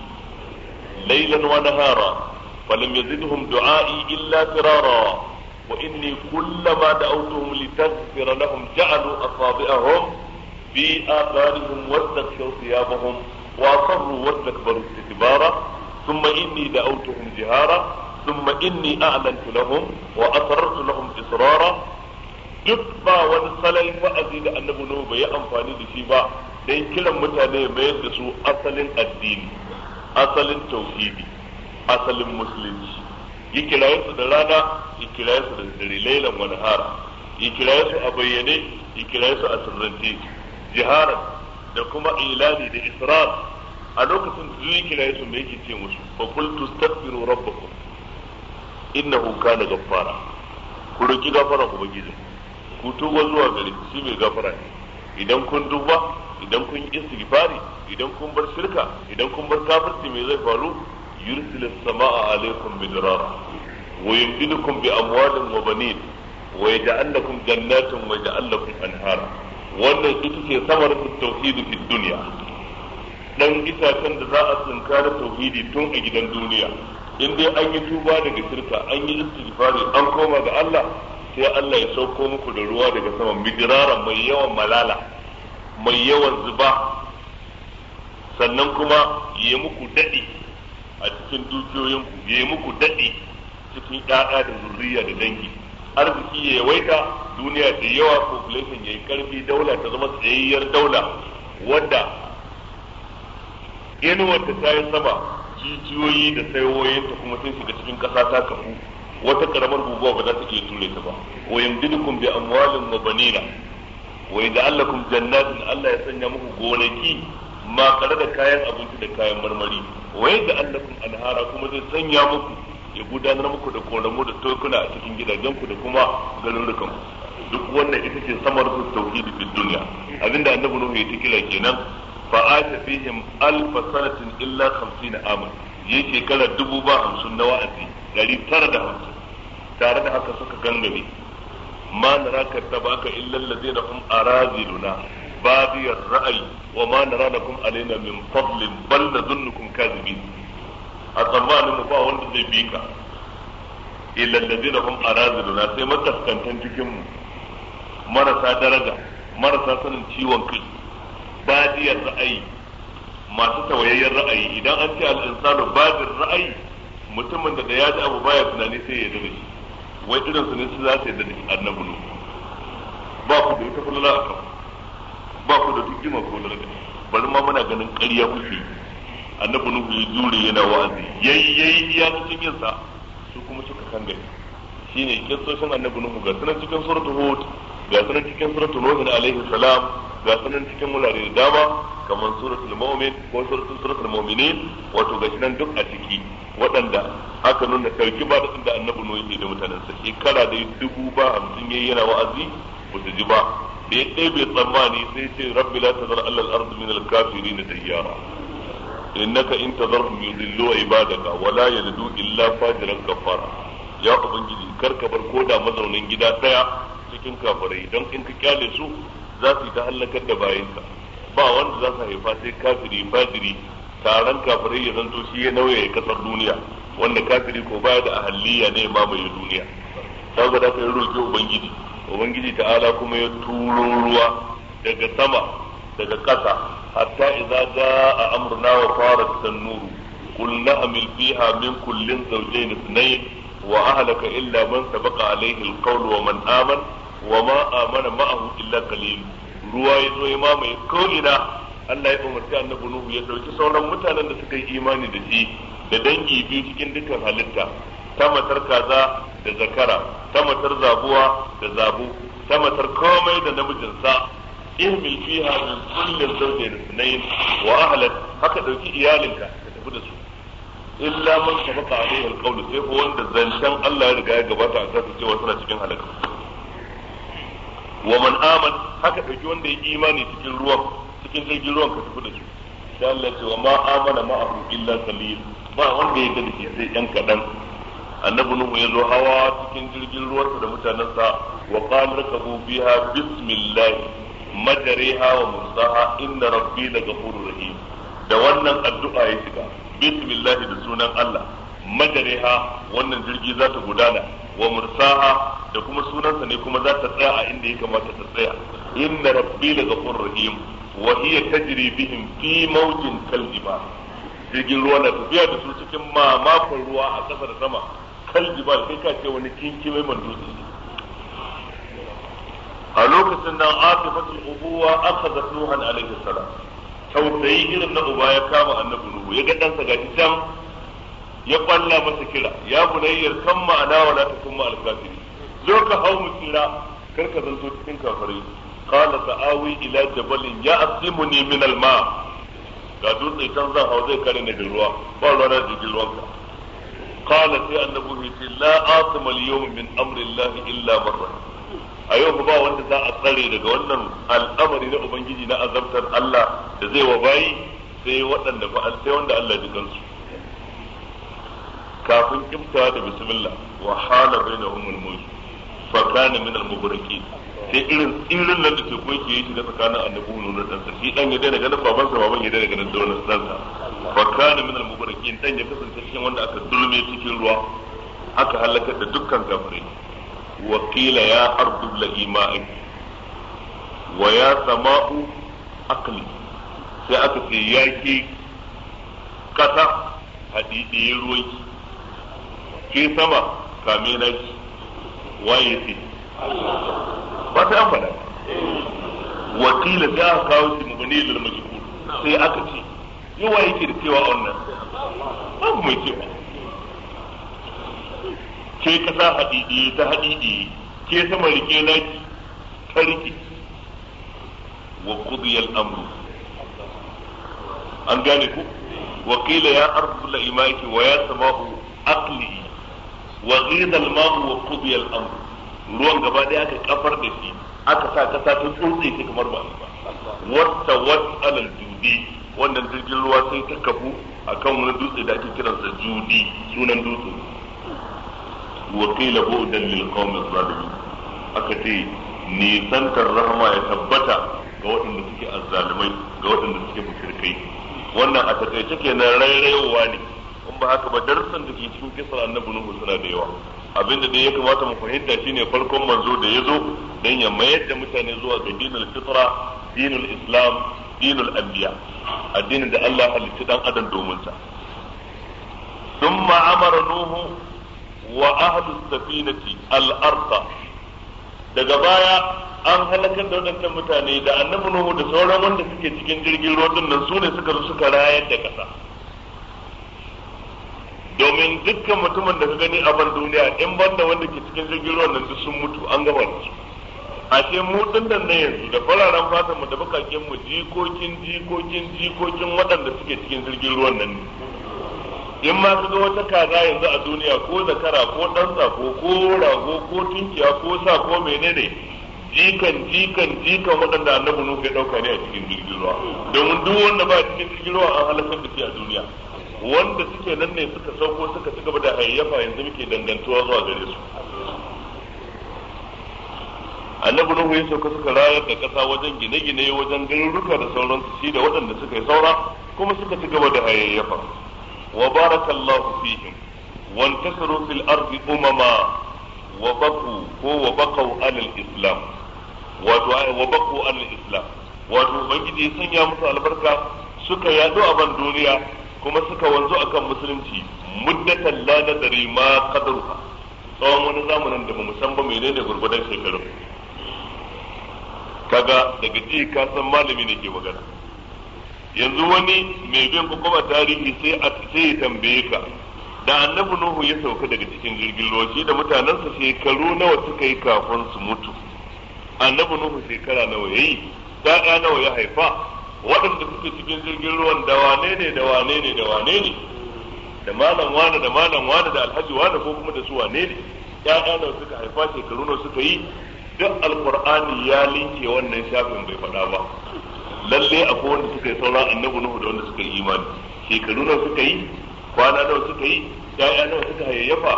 ليلا ونهارا فلم يزدهم دعائي إلا فرارا وإني كلما دعوتهم لتغفر لهم جعلوا أصابعهم في آثارهم واستغشوا ثيابهم وأصروا واستكبروا استكبارا ثم إني دعوتهم جهارا ثم إني أعلنت لهم وأسررت لهم إصرارا duk ba wani salon wa'azi da annabi Nuhu bai yi amfani da shi ba dan kiran mutane mayar da su asalin addini asalin tauhidi asalin musulunci ya kiraye su da rana ya kiraye su da dare lailan wani hara ya kiraye su a bayyane ya kiraye su a sirrance jiharan da kuma ilani da israr a lokacin da zai kiraye su mai yake ce musu fa qultu astaghfiru rabbakum innahu kana gaffara ku roki gafara ku bagije ku tuba zuwa gare shi mai gafara ne idan kun duba idan kun yi istighfari idan kun bar shirka idan kun bar kafirci me zai faru yursil as-samaa'a 'alaykum midrara wa yumdidukum bi amwalin wa banin wa yaj'al wannan ita ce samaratu tauhid fi duniya. dan itacen da za a tsinka da tauhidi tun a gidan duniya in dai an yi tuba daga shirka an yi istighfari an koma ga Allah sai Allah ya sauko muku da ruwa daga sama midirara mai yawan malala mai yawan zuba sannan kuma ya muku daɗi a cikin ku ya yi muku daɗi cikin ɗaɗa da zuriya da dangi arziki ya yawaita duniya da yawa population ya yi ƙarfi daula ta zama tsayayyar daula wadda inuwar ta ta yi sama jijiyoyi da ta kuma sun shiga cikin ƙasa ta kafu wata ƙaramar guguwa ba za ta iya ture ta ba wa yamdidukum bi amwalin mabanina banina wa allakum jannatin Allah ya sanya muku gonaki makare da kayan abinci da kayan marmari waye da allakum anhara kuma zai sanya muku ya gudanar muku da koramu da tokuna a cikin gidajenku da kuma garurukan duk wannan ita ce samar su tauhidi fid duniya abinda annabi nuhu ya tikila kenan fa ata fihim alf sanatin illa 50 aman yi shekara dubu ba hamsin na wa'azi dari tara da hamsin tare da haka suka gangare ma naraka tabaka illa allazina hum araziluna bagiyar ra'ayi wa ma nara lakum alaina min fadlin bal nadhunnukum kadhibin a tsammanin mu ba wanda zai bi ka da zina kuma arazi hum na sai mataskantan cikin mu marasa daraja marasa sanin ciwon kai badiyar ra'ayi masu tawayayyar ra'ayi idan an ce al-insanu badir ra'ayi mutumin da da ya ji abu baya tunani sai ya dare wai irinsu ne su za su yi da annabi ba ku da ita kullala a kafa ba ku da duk jima ko daraja bari ma muna ganin ƙarya kuke annabi nuhu ya jure yana wa'azi yayi yayi ci cikin yin sa su kuma suka kanga shine kissoshin annabi nuhu ga sunan cikin suratul hud ga sunan cikin suratul nuh alaihi salam ga sunan cikin mulari da dama kamar suratul mu'min ko suratul suratul mu'minin wato ga nan duk a ciki waɗanda aka nuna sarki ba da inda annabi nuhu yake da mutanen sa shekara da dubu ba hamsin yayi yana wa'azi ba su ji ba da ya ɗebe tsammani sai ce rabbi la tazar alal ard min al kafirin dayyara innaka in tazarhum yudillu ibadaka wa la yalidu illa fajiran kafara ya ubangiji kar ka bar koda mazaunin gida daya cikin kafirai don in ka kyale su za su ta halakar da bayanka ba wanda za su haifa sai kafiri fajiri taron kafirai ya zanto shi ya nauye kasar duniya wanda kafiri ko baya da ahalliya ne mamaye duniya ta ga da ka yi roƙi ubangiji ubangiji ta'ala kuma ya turo ruwa daga sama daga ƙasa hatta idza jaa amruna wa farat tanuru qul na'mil fiha min kullin zawjayn ithnayn wa ahlaka illa man sabaqa alayhi alqawl wa man aman, wa ma amana ma'ahu illa qalil ruwa ya zo ya mamaye ko Allah ya umarci annabi Nuhu ya dauki sauran mutanen da suka yi imani da shi da dangi biyu cikin dukkan halitta ta matar kaza da zakara ta matar zabuwa da zabu ta matar komai da namijinsa ihmil fiha min kullin zawjin ithnayn wa ahlak haka dauki iyalinka ka tafi da su illa man sabaqa alayhi alqawl sai ko wanda zancen Allah ya riga ya gabata a kansa cewa suna cikin halaka wa man aman haka dauki wanda ya imani cikin ruwan cikin jirgin ruwan ka tafi da su sai Allah ce wa ma amana ma'ahu illa qalil ba wanda ya gani sai yan kadan annabi nuhu ya zo hawa cikin jirgin ruwansa da mutanensa wa qala rakabu biha bismillah majariha wa mursaha inna rabbi laghafurur rahim da wannan addu'a ya shiga bismillah da sunan Allah majariha wannan jirgi za ta gudana wa mursaha da kuma sunansa ne kuma za ta tsaya a inda ya kamata ta tsaya inna rabbi laghafurur rahim wa hiya tajri bihim fi mawjin kalbima jirgin ruwa na tafiya da su cikin mamakon ruwa a ƙasa da sama kaljibal kai ka ce wani mai mandusi a lokacin nan aqifatul ubuwa akhadha nuhan alaihi salam tausayi irin na uba ya kama annabi nuhu ya ga ɗansa gaji can ya balla masa kira ya bunayyar kan ma'ana wala takun ma alkafiri zo ka hau mu kira kar ka zanto cikin kafirai qala sa'awi ila jabalin ya ne, min alma. ga dutse can zan hau zai kare ni da ruwa ba ruwa na jirgin ruwanka qala sai annabi ce la asma al-yawm min amri Allah illa barra a yau ba wanda za a tsare daga wannan al'amari na ubangiji na azabtar Allah da zai wa bayi sai waɗanda ba sai wanda Allah ya kansu kafin kimta da bismillah wa hala bainahum al-mawj fa min al-mughriqin sai irin tsirin nan da tekun ke yi shi da tsakanin annabi nuna ɗansa shi ɗan ya daina ganin babansa baban ya daina ganin daular ɗansa wa min al-mubarakin dan ya kasance cikin wanda aka dulme cikin ruwa aka halakar da dukkan kafirai wa qila ya ardu al-ima'i wa ya sama'u aqli sai aka ce yaki kasa hadidi ruwa ke sama kamina na waye ce ba sai an faɗa wakila sai aka kawo shi mubani lil majhul sai aka ce yawa yake da cewa a wannan babu mai cewa ke kasa haɗiɗi ta haɗiɗi ke sama rike naki ta rike wa qudiyal amru an gane ku wa qila ya ardu la imaki wa ya samahu aqli wa ghida al ma'u wa qudiyal amru ruwan gaba daya aka kafar da shi aka sa kasa ta tsotse shi kamar ba ba wata wata alal judi wannan jirgin ruwa sai ta kafu kan wani dutse da ake kiransa judi sunan dutse wa qila bu'dan lil qawmi zalimin aka ce nisantar rahama ya tabbata ga waɗanda suke azzalumai ga waɗanda suke mushrikai wannan a takaice kenan rairayowa ne in ba haka ba darsan da ke cikin kisar annabi nuhu suna da yawa abinda dai ya kamata mu fahimta shine farkon manzo da ya zo dan ya mayar da mutane zuwa ga dinul fitra dinul islam dinul anbiya addinin da Allah halitta dan adam domin sa thumma amara nuhu wa ahli safinati al-arqa daga baya an halakar da wadannan mutane da annabi nuhu da sauran wanda suke cikin jirgin ruwa din nan su ne suka zo suka rayar da kasa domin dukkan mutumin da ka gani a ban duniya in banda wanda ke cikin jirgin ruwan nan sun mutu an gaba da su ashe mu din da na yanzu da fararen fatan mu da bakakin mu jikokin jikokin jikokin waɗanda suke cikin jirgin ruwan nan ne in ma ga wata kaza yanzu a duniya ko zakara ko ɗan sako ko rago ko tunkiya ko sa ko menene jikan jikan jikan waɗanda annabi nuhu ya ɗauka ne a cikin jirgin ruwa domin duk wanda ba cikin jirgin ruwa an halakar da shi a duniya wanda suke nan ne suka sauko suka ci gaba da hayyafa yanzu muke dangantuwa zuwa gare su annabi nuhu ya sauka suka rayar da ƙasa wajen gine-gine wajen garuruka da sauransu shi da waɗanda suka yi saura kuma suka ci gaba da hayayyafa wa barakallahu fihim wa intasaru fil ardi umama wa baqu ko wa baqau alal islam wato wa baqu alal islam wato ubangiji ya sanya musu albarka suka yaɗu a ban duniya kuma suka wanzu akan musulunci muddatan la nadari ma qadruha tsawon wani zamanin da ba mu san ba menene gurgudan shekaru. kaga daga ji ka san malami ne ke magana yanzu wani mai bin kuma tarihi sai a sai ya tambaye ka da annabi nuhu ya sauka daga cikin jirgin ruwa shi da mutanensa shekaru nawa suka yi kafin su mutu annabi nuhu shekara nawa yayi ya nawa ya haifa waɗanda suke cikin jirgin ruwan da wane ne da wane ne da wane ne da malam wane da malam wane da alhaji wane ko kuma da su wane ne ya'ya nawa suka haifa shekaru nawa suka yi duk alkur'ani ya linke wannan shafin bai faɗa ba lalle akwai wanda suka yi sauran annabi nuhu da wanda suka yi imani shekaru nawa suka yi kwana nawa suka yi ya'ya nawa suka hayayyafa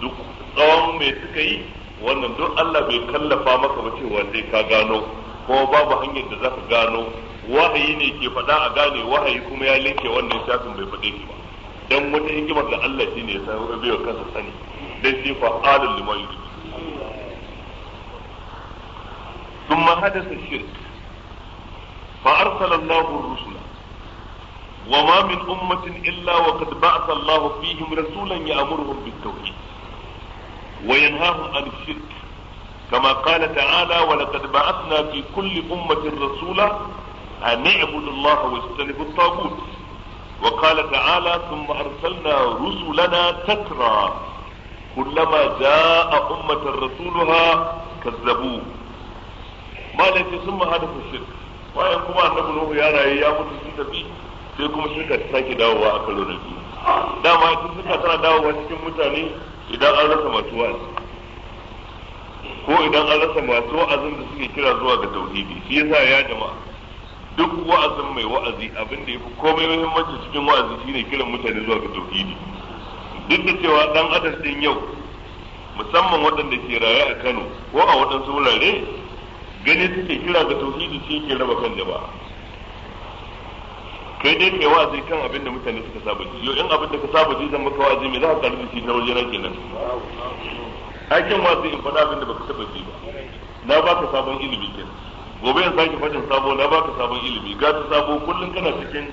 duk tsawon mai suka yi wannan duk Allah bai kallafa maka ba cewa sai ka gano kuma babu hanyar da zaka gano wahayi ne ke faɗa a gane wahayi kuma ya linke wannan shafin bai faɗe shi ba dan wata hikimar da Allah shine ya san bai kansa sani dai sifa alul liman ثم حدث الشرك فأرسل الله الرسل وما من أمة إلا وقد بعث الله فيهم رسولا يأمرهم بالتوحيد وينهاهم عن الشرك كما قال تعالى ولقد بعثنا في كل أمة رسولا أن اعبدوا الله واجتنبوا الطاغوت وقال تعالى ثم أرسلنا رسلنا تترى كلما جاء أمة رسولها كذبوه malai sun mahada ku shirk bayan kuma annabi nuhu ya rayu ya mutu sun tafi sai kuma shirka ta sake dawowa a karo na biyu dama ita suka tana dawowa cikin mutane idan an rasa masu wa'azi ko idan an rasa masu wa'azin da suke kira zuwa ga tauhidi shi yasa ya jama'a duk wa'azin mai wa'azi abin da yafi komai muhimmanci cikin wa'azi shine kiran mutane zuwa ga tauhidi duk da cewa dan adam din yau musamman waɗanda ke raye a Kano ko a waɗansu wurare gani take kira ga tauhidi shi ke raba kan jama'a kai dai kai wa'azi kan abin da mutane suka saba ji yo in abin da ka saba ji zan maka wa'azi me za ka karbi shi na waje na kenan aikin wa'azi in faɗa abin da baka saba ji ba na baka sabon ilimi kenan gobe in sake fadin sabo na baka sabon ilimi ga ta sabo kullun kana cikin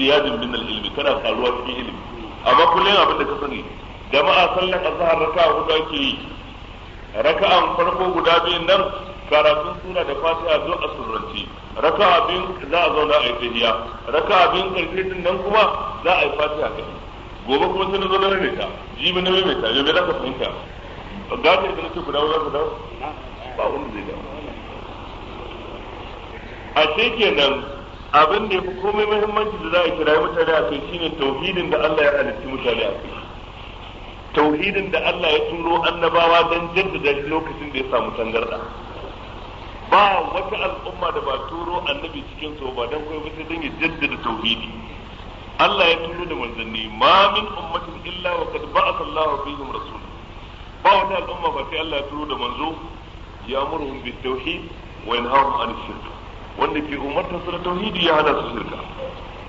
ziyadin min ilimi kana karuwa cikin ilimi amma kullun abin da ka sani jama'a sallan azhar raka'a guda ke yi raka'an farko guda biyun nan karatun suna da fatiha zo a surranci raka abin za a zauna a yi tahiya raka abin karfe din nan kuma za a yi fatiha kai gobe kuma sai na zo na rarreta jibi na maimaita yau za ka fahimta gata da nake guda wajen guda ba wani zai da a ce kenan abin da ya fi komai muhimmanci da za a kira mutane a kai shine tauhidin da Allah ya halitti mutane a kai tauhidin da Allah ya turo annabawa don jaddada lokacin da ya samu tangarda ba wata al'umma da ba turo annabi cikin su ba dan kai sai dan ya jaddada tauhidi Allah ya turo da manzanni ma min ummatin illa wa qad ba'atha Allahu fihim rasul ba wata al'umma ba sai Allah ya turo da manzo ya amurhum bit tauhid wa yanhahum an shirk wanda ke umartar su da tauhidi ya hada su shirka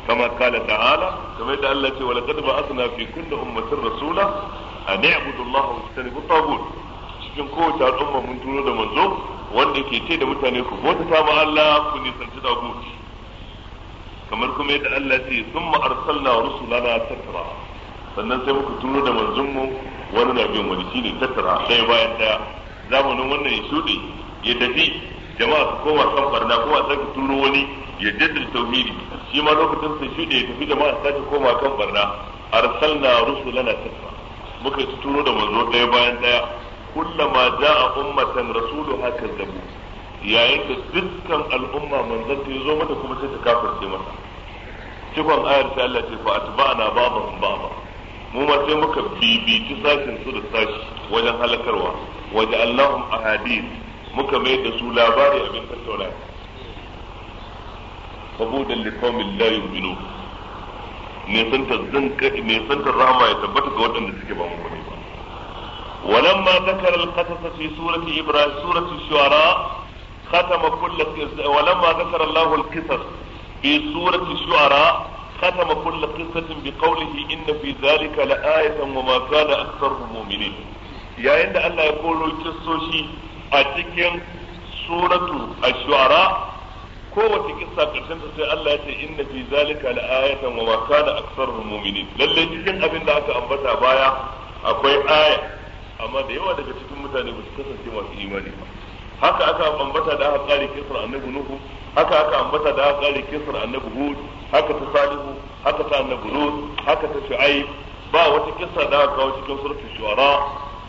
كما قال تعالى كما يدعى الله ولقد بعثنا في كل أمة رسولا أن اعبدوا الله واجتنبوا الطاغوت cikin kowace al'umma mun turo da manzo wanda ke ce da mutane ku ta ba Allah ku nisanci dagut kamar kuma yadda Allah ce summa arsalna rusulana tattara sannan sai muka turo da manzonmu wani na bin wani shine tattara sai bayan da zamanin wannan ya shuɗe ya tafi jama'a su koma kan barna ko a sake turo wani ya jaddada tauhidi shi ma lokacin sai shuɗe ya tafi jama'a su sake koma kan barna arsalna rusulana tattara muka turo da manzo ɗaya bayan ɗaya kullama ja'a ummatan rasulu haka zabu yayin da dukkan al'umma manzon ta zo mata kuma sai ta kafirce mata cikon ayar ta Allah ce fa atba'na babahum baba mu ma sai muka bibici sashin su da sashi wajen halakarwa waje Allahum ahadith muka mai da su labari abin tattauna sabudan liqaumin la yu'minun ne san ta ne ta ya tabbata ga waɗanda suke ba mu ولما ذكر القصص في سورة إبراهيم سورة الشعراء ختم كل ولما ذكر الله القصص في سورة الشعراء ختم كل قصة بقوله إن في ذلك لآية وما كان أكثرهم مؤمنين يا عند الله يقول القصوشي أتكين سورة الشعراء kowace kissa karshen sai Allah ya ce inna fi zalika la'ayatan wa ma kana aktsaruhum mu'minin lalle cikin abin da aka ambata baya akwai aya amma da yawa daga cikin mutane ba su kasance masu imani ba haka aka ambata da aka kare kisar annabi nuhu haka aka ambata da aka kare kisar annabi hud haka ta salihu haka ta annabi lut haka ta shu'aib ba wata kisa da aka kawo cikin suratul shu'ara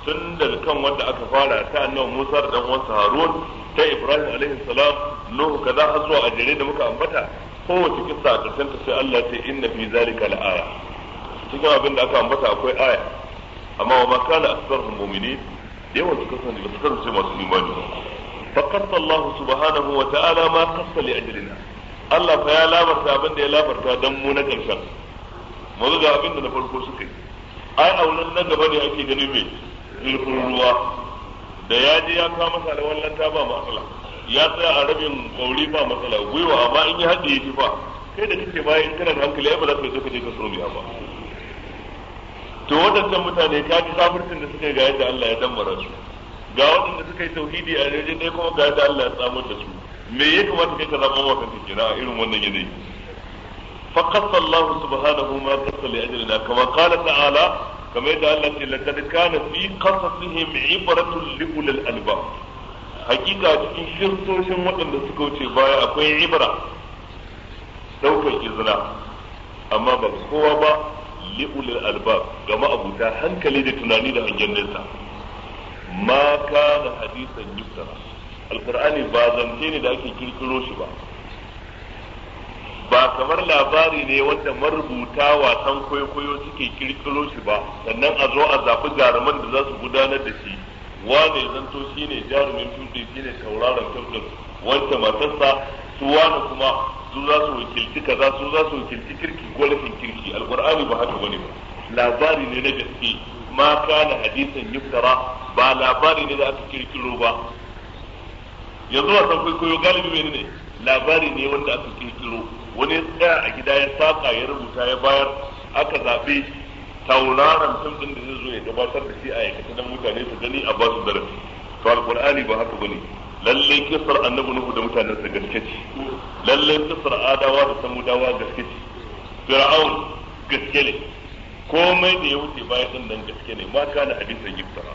tun daga kan wanda aka fara ta annabi Musa da dan uwansa Harun ta Ibrahim alaihi salam Nuhu kaza har zuwa ajire da muka ambata kowace kissa a ta sai Allah ta inna fi zalika la'aya cikin abin da aka ambata akwai aya amma wa ma kana aktsaruhum mu'minin yawan su kasance ba su kasance masu imani ba faqad Allah subhanahu wa ta'ala ma qassa li ajlina Allah fa ya labarta abin da ya labarta dan mu na karshen mu ga abin da na farko suka yi ai aunan nan gaba ne ake gani mai zurfin ruwa da ya je ya kama sa da wannan ta ba matsala ya tsaya a rabin kauri ba matsala gwiwa amma in ya haɗe shi fa. kai da kake baya in kana da hankali ai ba za ka je ka je ka so ba to waɗancan mutane ka ji kafircin da suka yi ga yadda Allah ya dammara su ga waɗanda suka yi tauhidi a rajin ɗaya kuma ga yadda Allah ya samar da su me ya kamata kai ka zama wa kanka kenan a irin wannan yanayi فقص الله سبحانه ما قص لأجلنا كما قال تعالى كما يدعى الله لقد كان في قصصهم عبرة لأولي الألباب hakika cikin shirsoshin waɗanda suka wuce baya akwai ibra ɗaukar izina amma ba kowa ba li'ulil albab ga ma'abuta hankali da tunani da hangen nesa ma da hadisan yusra alqur'ani ba zance ne da ake kirkiro shi ba ba kamar labari ne wanda marubuta wasan kwaikwayo suke kirkiro shi ba sannan a zo a zafi jaruman da za su gudanar da shi wane zanto shine jarumin fim shine tauraron fim wanda matarsa su wani kuma su za su wakilci kaza su za su wakilci kirki ko rashin kirki alkur'ani ba haka bane labari ne na gaske ma kana hadisan yuftara ba labari ne da aka kirkiro ba yanzu wasan kwaikwayo galibi mai ne labari ne wanda aka kirkiro wani ya tsaya a gida ya saka ya rubuta ya bayar aka zaɓe tauraron fim ɗin da zai zo ya gabatar da shi a aikata don mutane su gani a basu darasi to alkur'ani ba haka bane lalle kisar annabi nuhu da mutanen sa gaske ce lalle kisar adawa da samudawa gaske ce fir'aun gaske ne komai da ya wuce baya din nan gaske ne ma kana hadisan yusra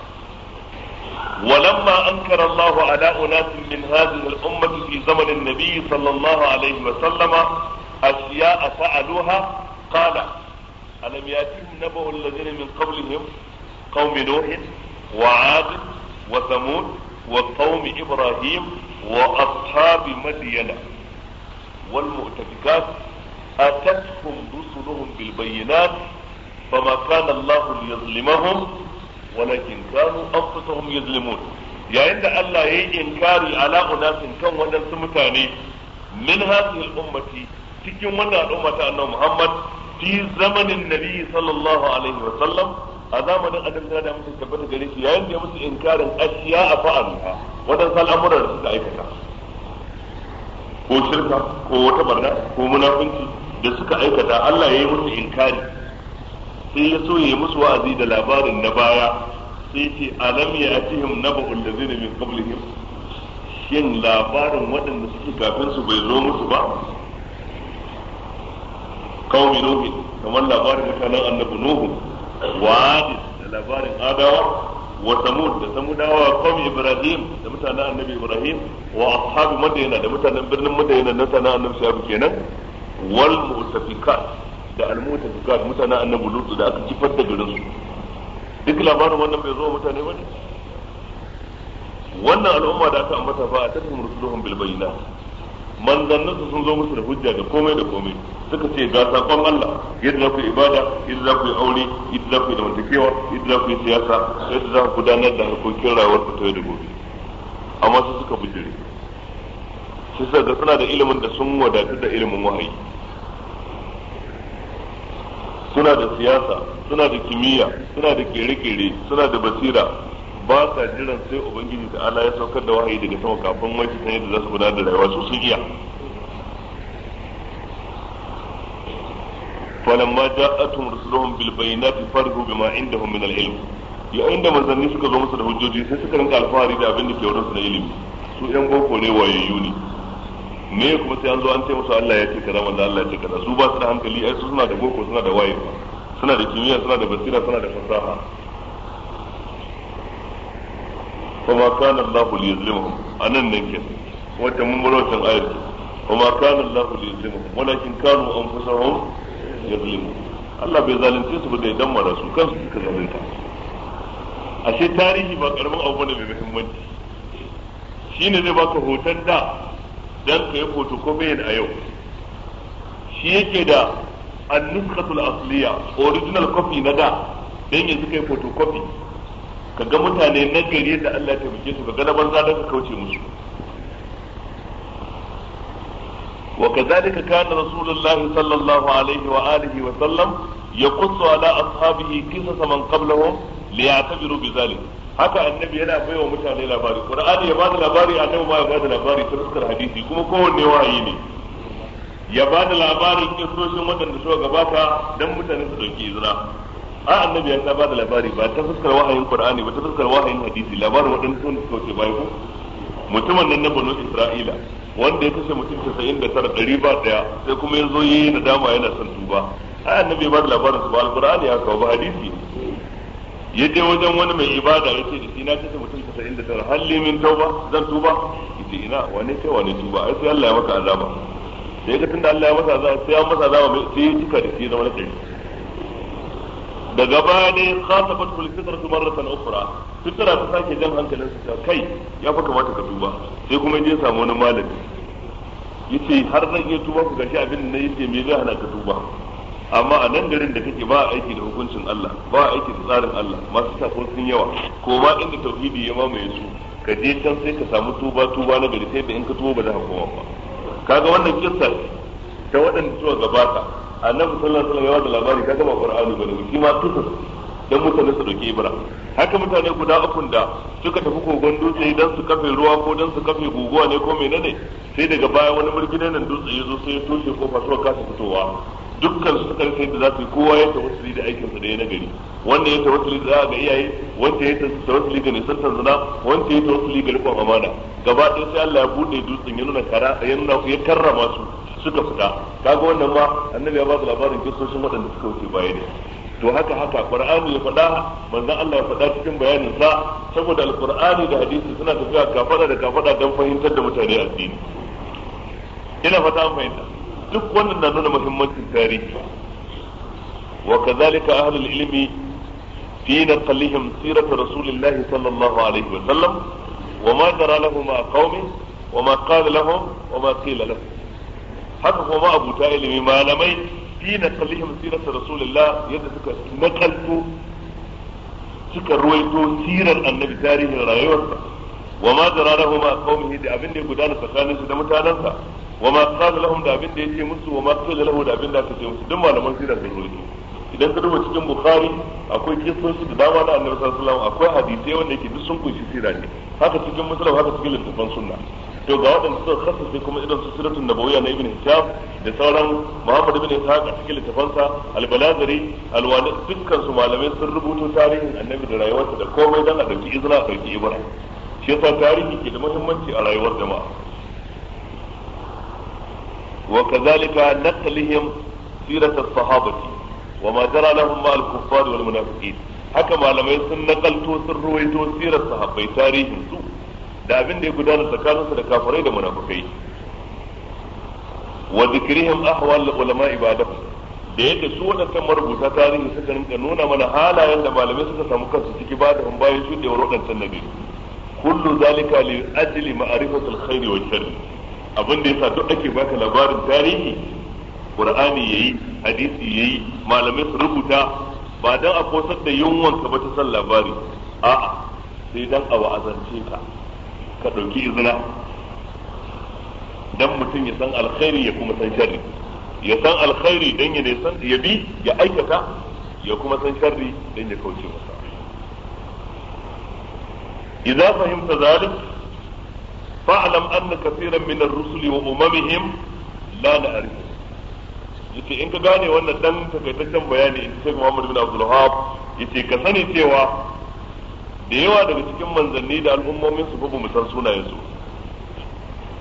ولما أنكر الله على أناس من هذه الأمة في زمن النبي صلى الله عليه وسلم أشياء فعلوها قال ألم يأتهم نبأ الذين من قبلهم قوم نوح وعاد وثمود وقوم إبراهيم وأصحاب مدين والمؤتفكات أتتهم رسلهم بالبينات فما كان الله ليظلمهم ولكن كانوا أنفسهم يظلمون يا عند الله يي إنكاري على أناس كم وناس متاني من هذه الأمة تكون من الأمة أن محمد في زمن النبي صلى الله عليه وسلم a zamanin adam da musu wasallam tabbata gare shi yayin da musu inkarin asiya a fa'aluha wadansu al'amuran da suka aikata ko shirka ko wata barna ko munafunci da suka aikata Allah ya yi musu inkari sai ya so ya yi musu wa'azi da labarin na baya sai ce alam ya atihim naba'ul ladzina min qablihim shin labarin waɗanda suke kafin su bai zo musu ba kawai nuhu kamar labarin mutanen annabi nuhu wa'ad da labarin adawa wa samud da samudawa qawmi ibrahim da mutanen annabi ibrahim wa ashabu madina da mutanen birnin madina na sanan annabi shabu kenan wal mutafikat da al mutafikat mutanen annabi lutu da aka kifar da garin su duk labarin wannan bai zo mutane bane wannan al'umma da aka ambata ba a tasirin rusuluhum bil bayyinat manzannansu sun zo musu da hujja da komai da komai suka ce ga sakon Allah yadda za ku yi ibada yadda za ku yi aure yadda za ku yi damantakewa yadda za ku yi siyasa yadda za ku gudanar da harkokin rayuwar ku ta da gobe amma su suka bujire su sa ga suna da ilimin da sun wadatu da ilimin wahayi suna da siyasa suna da kimiyya suna da kere-kere suna da basira ba sa jiran sai ubangiji ta ala ya saukar da wahayi daga sama kafin mace su da yadda za su gudanar da rayuwa su sun iya falamma ja'atuhum rusuluhum bil bayyinati farhu bima indahum min al-ilm yayin da manzanni suka zo musu da hujjoji sai suka rinka alfahari da abin da ke wurinsu na ilimi su yan boko ne wayayyu ne me kuma sai an zo an ce musu Allah ya ce kaza manzo Allah ya ce kaza su ba su da hankali ai su suna da boko suna da wayewa suna da kimiyya suna da basira suna da fasaha وما كان الله ليظلمهم أنا نكر وتمم روشن وما كان الله ليظلمهم ولكن كانوا أنفسهم يظلمون Allah bai zalunce su ba da ya dammara kansu suka zalunta ashe tarihi ba karamin abu bane mai muhimmanci shine zai baka hoton da dan ka yi a yau shi yake da an asliya original copy na da dan yanzu kai photocopy ka ga mutane na gari da Allah ya taimake su ka gana banza da ka kauce musu وكذلك كان رسول الله صلى wa عليه وآله وسلم يقص على أصحابه قصص من قبلهم ليعتبروا بذلك haka annabi yana bai wa mutane labari qur'ani ya ba da labari annabi ma ya ba da labari ta fuskar hadisi kuma kowanne wahayi ne ya ba da labarin kisoshin waɗanda suka gabata dan mutane su dauki izra a annabi ya ba da labari ba ta fuskar wahayin qur'ani ba ta fuskar wahayin hadisi labarin waɗanda sun suka ce bai ko mutumin nan na banu isra'ila wanda ya kashe mutum 99 ɗari ba daya sai kuma ya zo yi nadama yana son tuba a annabi ba da labarin su ba alqur'ani ya kawo ba hadisi ya je wajen wani mai ibada ya ce da shi na kashe mutum 99 halli min tauba zan tuba yace ina wane ce wane tuba ai sai Allah ya maka azaba sai ka tunda Allah ya masa azaba sai ya masa azaba sai ya cika da shi zama na kai daga baya ne khasabat kul fitra marratan ukhra fitra ta sake jan hankalin sa kai ya fa kamata ka tuba sai kuma je samu wani malami yace har zan iya tuba ku gashi abin da yace me zai hana ka tuba amma a nan garin da kake ba aiki da hukuncin Allah ba aiki da tsarin Allah masu sako sun yawa ko ma inda tauhidi ya mamaye su ka je can sai ka samu tuba tuba na gari sai da in ka tuba ba za ka koma ba kaga wannan kissa ta waɗanda suka gabata annabi sallallahu alaihi wasallam ya wada labari kaga ba qur'ani bane shi ma tusas dan mutane su dauki ibra haka mutane guda uku da suka tafi kogon dutse dan su kafe ruwa ko dan su kafe guguwa ne ko menene sai daga baya wani mulki ne nan dutse ya zo sai ya toshe ko fa suka kasa fitowa dukkan su kan sai da za kowa ya tawassuli da aikin aikinsa da ya nagari wanda ya tawassuli da ga iyaye wanda ya tawassuli ga nisan zina wanda ya tawassuli ga rikon amana gaba ɗaya sai Allah ya bude dutsen ya nuna kara ya nuna ya karrama su suka fita kaga wannan ma annabi ya ba su labarin kissoshin waɗanda suka wuce baya ne to haka haka qur'ani ya faɗa manzon Allah ya faɗa cikin bayanin sa saboda alqur'ani da hadisi suna tafiya kafada da kafada don fahimtar da mutane addini ina fata an fahimta duk wannan na nuna muhimmancin tarihi wa kadhalika ahlul ilmi fi naqlihim sirat rasulillahi sallallahu alaihi wa sallam wa ma jara lahum ma qaumi wa ma qala lahum wa ma qila lahum haka kuma ma abuta ilimi malamai dina kalihim sirata rasulullah yadda suka nakalto suka ruwaito sirar annabi tarihin rayuwarsa wa ma jara lahum ma qaumihi da abin da ya gudana tsakanin su da mutanansa wa ma qala lahum da abin da yake musu wa ma qala lahu da abin da aka ce musu duk malaman sirar sun ruwaito idan ka duba cikin bukhari akwai kisoshi da dama na annabi sallallahu alaihi wasallam akwai hadisi wanda yake duk sun kunshi sira ne haka cikin muslim haka cikin littafin sunna to ga waɗanda suka kasance kuma irin su suratul nabawiyya na ibn hisham da sauran muhammad ibn ishaq a cikin littafansa al-balazari alwani dukkan su malamai sun rubuto tarihin annabi da rayuwarsa da komai dan a dauki izina a dauki ibra shi yasa tarihi ke da muhimmanci a rayuwar jama'a wa kazalika naqlihim sirat as-sahabati wa ma jara lahum ma al-kuffar wal munafiqin haka malamai sun nakalto sun ruwaito sirar sahabbai tarihin su da abin da ya gudana tsakaninsa da kafirai da munafukai wa zikrihim ahwal ulama ibadah da yadda su wadannan marubuta tarihi suka rinka nuna mana halayen da malamai suka samu kansu ciki ba da hun bayan da waɗancan nabi kullu zalika li ajli ma'rifati alkhair wa sharri abin da yasa duk ake baka labarin tarihi qur'ani yayi hadisi yayi malamai su rubuta ba dan a kosar da yunwan ka ba ta san labari a'a sai dan a wa'azance ka ka ɗauki izina dan mutum ya san alkhairi ya kuma san sharri ya san alkhairi dan ya san ya bi ya aikata ya kuma san sharri dan ya kauce masa idza fahimta zalik fa'lam anna kaseeran min ar-rusul wa umamihim la na'rifu yace in ka gane wannan dan takaitaccen bayani in sai Muhammad bin Abdul Wahhab yace ka sani cewa da yawa daga cikin manzanni da al'ummomin su ba mu san sunayensu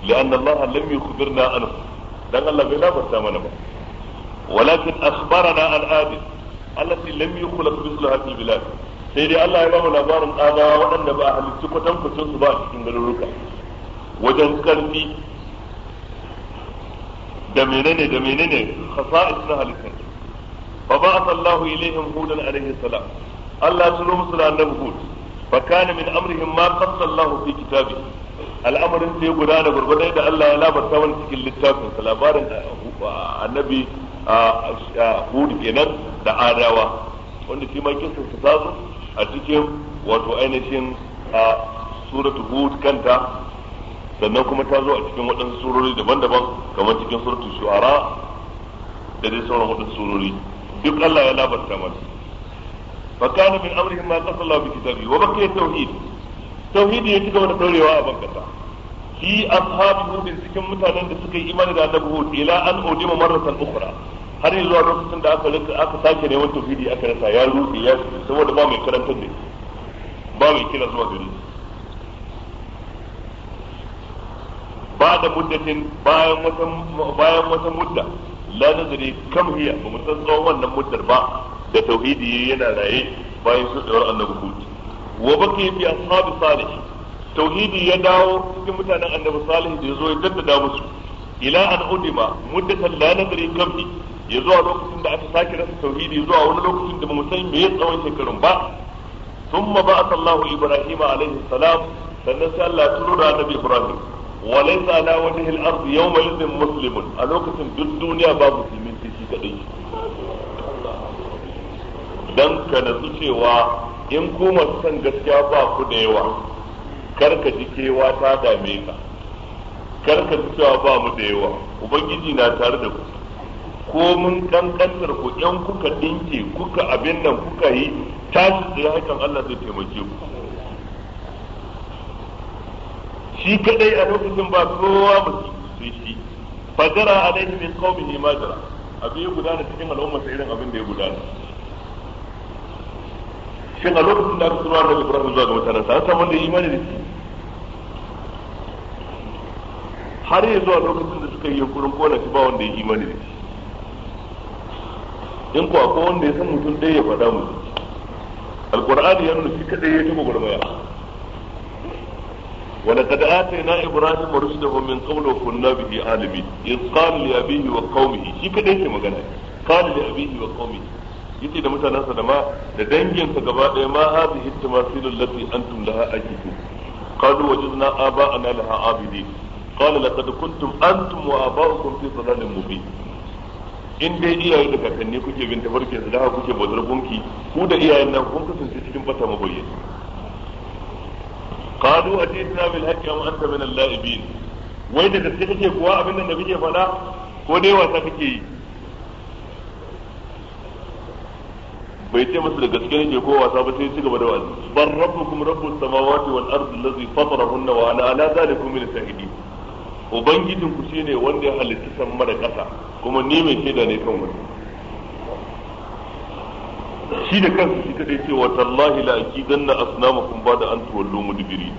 لأن الله لم يخبرنا عنه لأن الله لا برسامنا به ولكن أخبرنا عن آد التي لم يخلق مثلها في البلاد sai dai Allah ya ba mu labarin ada waɗanda ba a halittu kwatan kwatan su ba a cikin garuruka wajen karfi da menene da menene khasa'is na halittar fa ba asallahu Allah musu da annabi fa kana min amrihim ma qassallahu fi kitabi al'amarin sai guda da gurgudai da Allah ya labarta wani cikin littafin sa labarin annabi Hud kenan da Adawa wanda shi ma kisan su tazo a cikin wato ainihin suratu Hud kanta sannan kuma ta zo a cikin waɗansu surori daban-daban kamar cikin suratu shu'ara da dai sauran waɗansu surori duk Allah ya labarta masa fa kana min amrihim ma qasallahu bi kitabi wa baqiya tauhid tauhidi ya cigaba da daurewa a bankasa fi ashabihi min cikin mutanen da suka yi imani da annabi hud ila an udima marratan ukhra har zuwa lokacin da aka aka sake neman tauhidi aka rasa ya rufe ya saboda ba mai karantar da ba mai kira zuwa gare shi ba da muddatin bayan wata mudda la nazari kam ba mu san tsawon wannan muddar ba da tauhidi yana raye bayan sun tsawar annabi hud wa baki fi ashabi salih tauhidi ya dawo cikin mutanen annabi salih da yazo ya daddada musu ila an udima muddatan la nadri kamni ya zuwa lokacin da aka sake rasa tauhidi zuwa wani lokacin da ba mu san me ya tsawon shekarun ba thumma ba'atha Allahu Ibrahim alaihi salam sannan sai Allah turo da annabi Ibrahim وليس على وجه الارض يومئذ مسلم a lokacin duk duniya ba musulmin sai shi kadai dan ka natsu cewa in ku masu son gaskiya ba ku da yawa karka ji kewa ta dame ka karka ji cewa ba mu da yawa ubangiji na tare da ku ko mun kankantar ku yan kuka dinke kuka abin nan kuka yi tashi da hakan Allah zai taimake ku shi kadai a lokacin ba kowa ba su shi fajara alaihi min qaumihi majra abin ya gudana cikin al'umma sai irin abin da ya gudana shin a lokacin da aka tura annabi Ibrahim zuwa ga mutane sa wanda da imani da har yi zuwa lokacin da suka yi yunkurin kona shi ba wanda ya imani da in kuwa ko wanda ya san mutum ɗaya ya faɗa mu alqur'ani ya nuna shi kaɗai ya taɓa gurmaya ولقد آتينا إبراهيم رشده من قبل وكنا به عالمين إذ قال لأبيه shi kaɗai كده magana قال لأبيه وقومه yace da mutanansa da ma da danginsa gaba ɗaya ma hadhihi timasilul lati antum laha ajidu qalu wajadna aba'ana laha abidin qala laqad kuntum antum wa aba'ukum fi in dai iyaye da kakanni kuke bin tafarkin su da haka kuke bautar gunki ku da iyayen nan kun kasance cikin bata mabayyana a atitna bil haƙƙi am anta min al-la'ibin wai da gaske kake kuwa abin da kake faɗa ko dai wasa kake yi bai ce masu da gaske ne ko wasa ba sai ci gaba da wa'azi bar rabbukum rabbus samawati wal ardi allazi fatarahunna wa ana ala zalikum min shahidi ubangijin ku shine wanda ya halitta sama da kasa kuma ni mai shaida ne kan wani shi da kansa shi kadai ce wa tallahi la aqidanna asnamakum ba'da an tuwallu mudbiri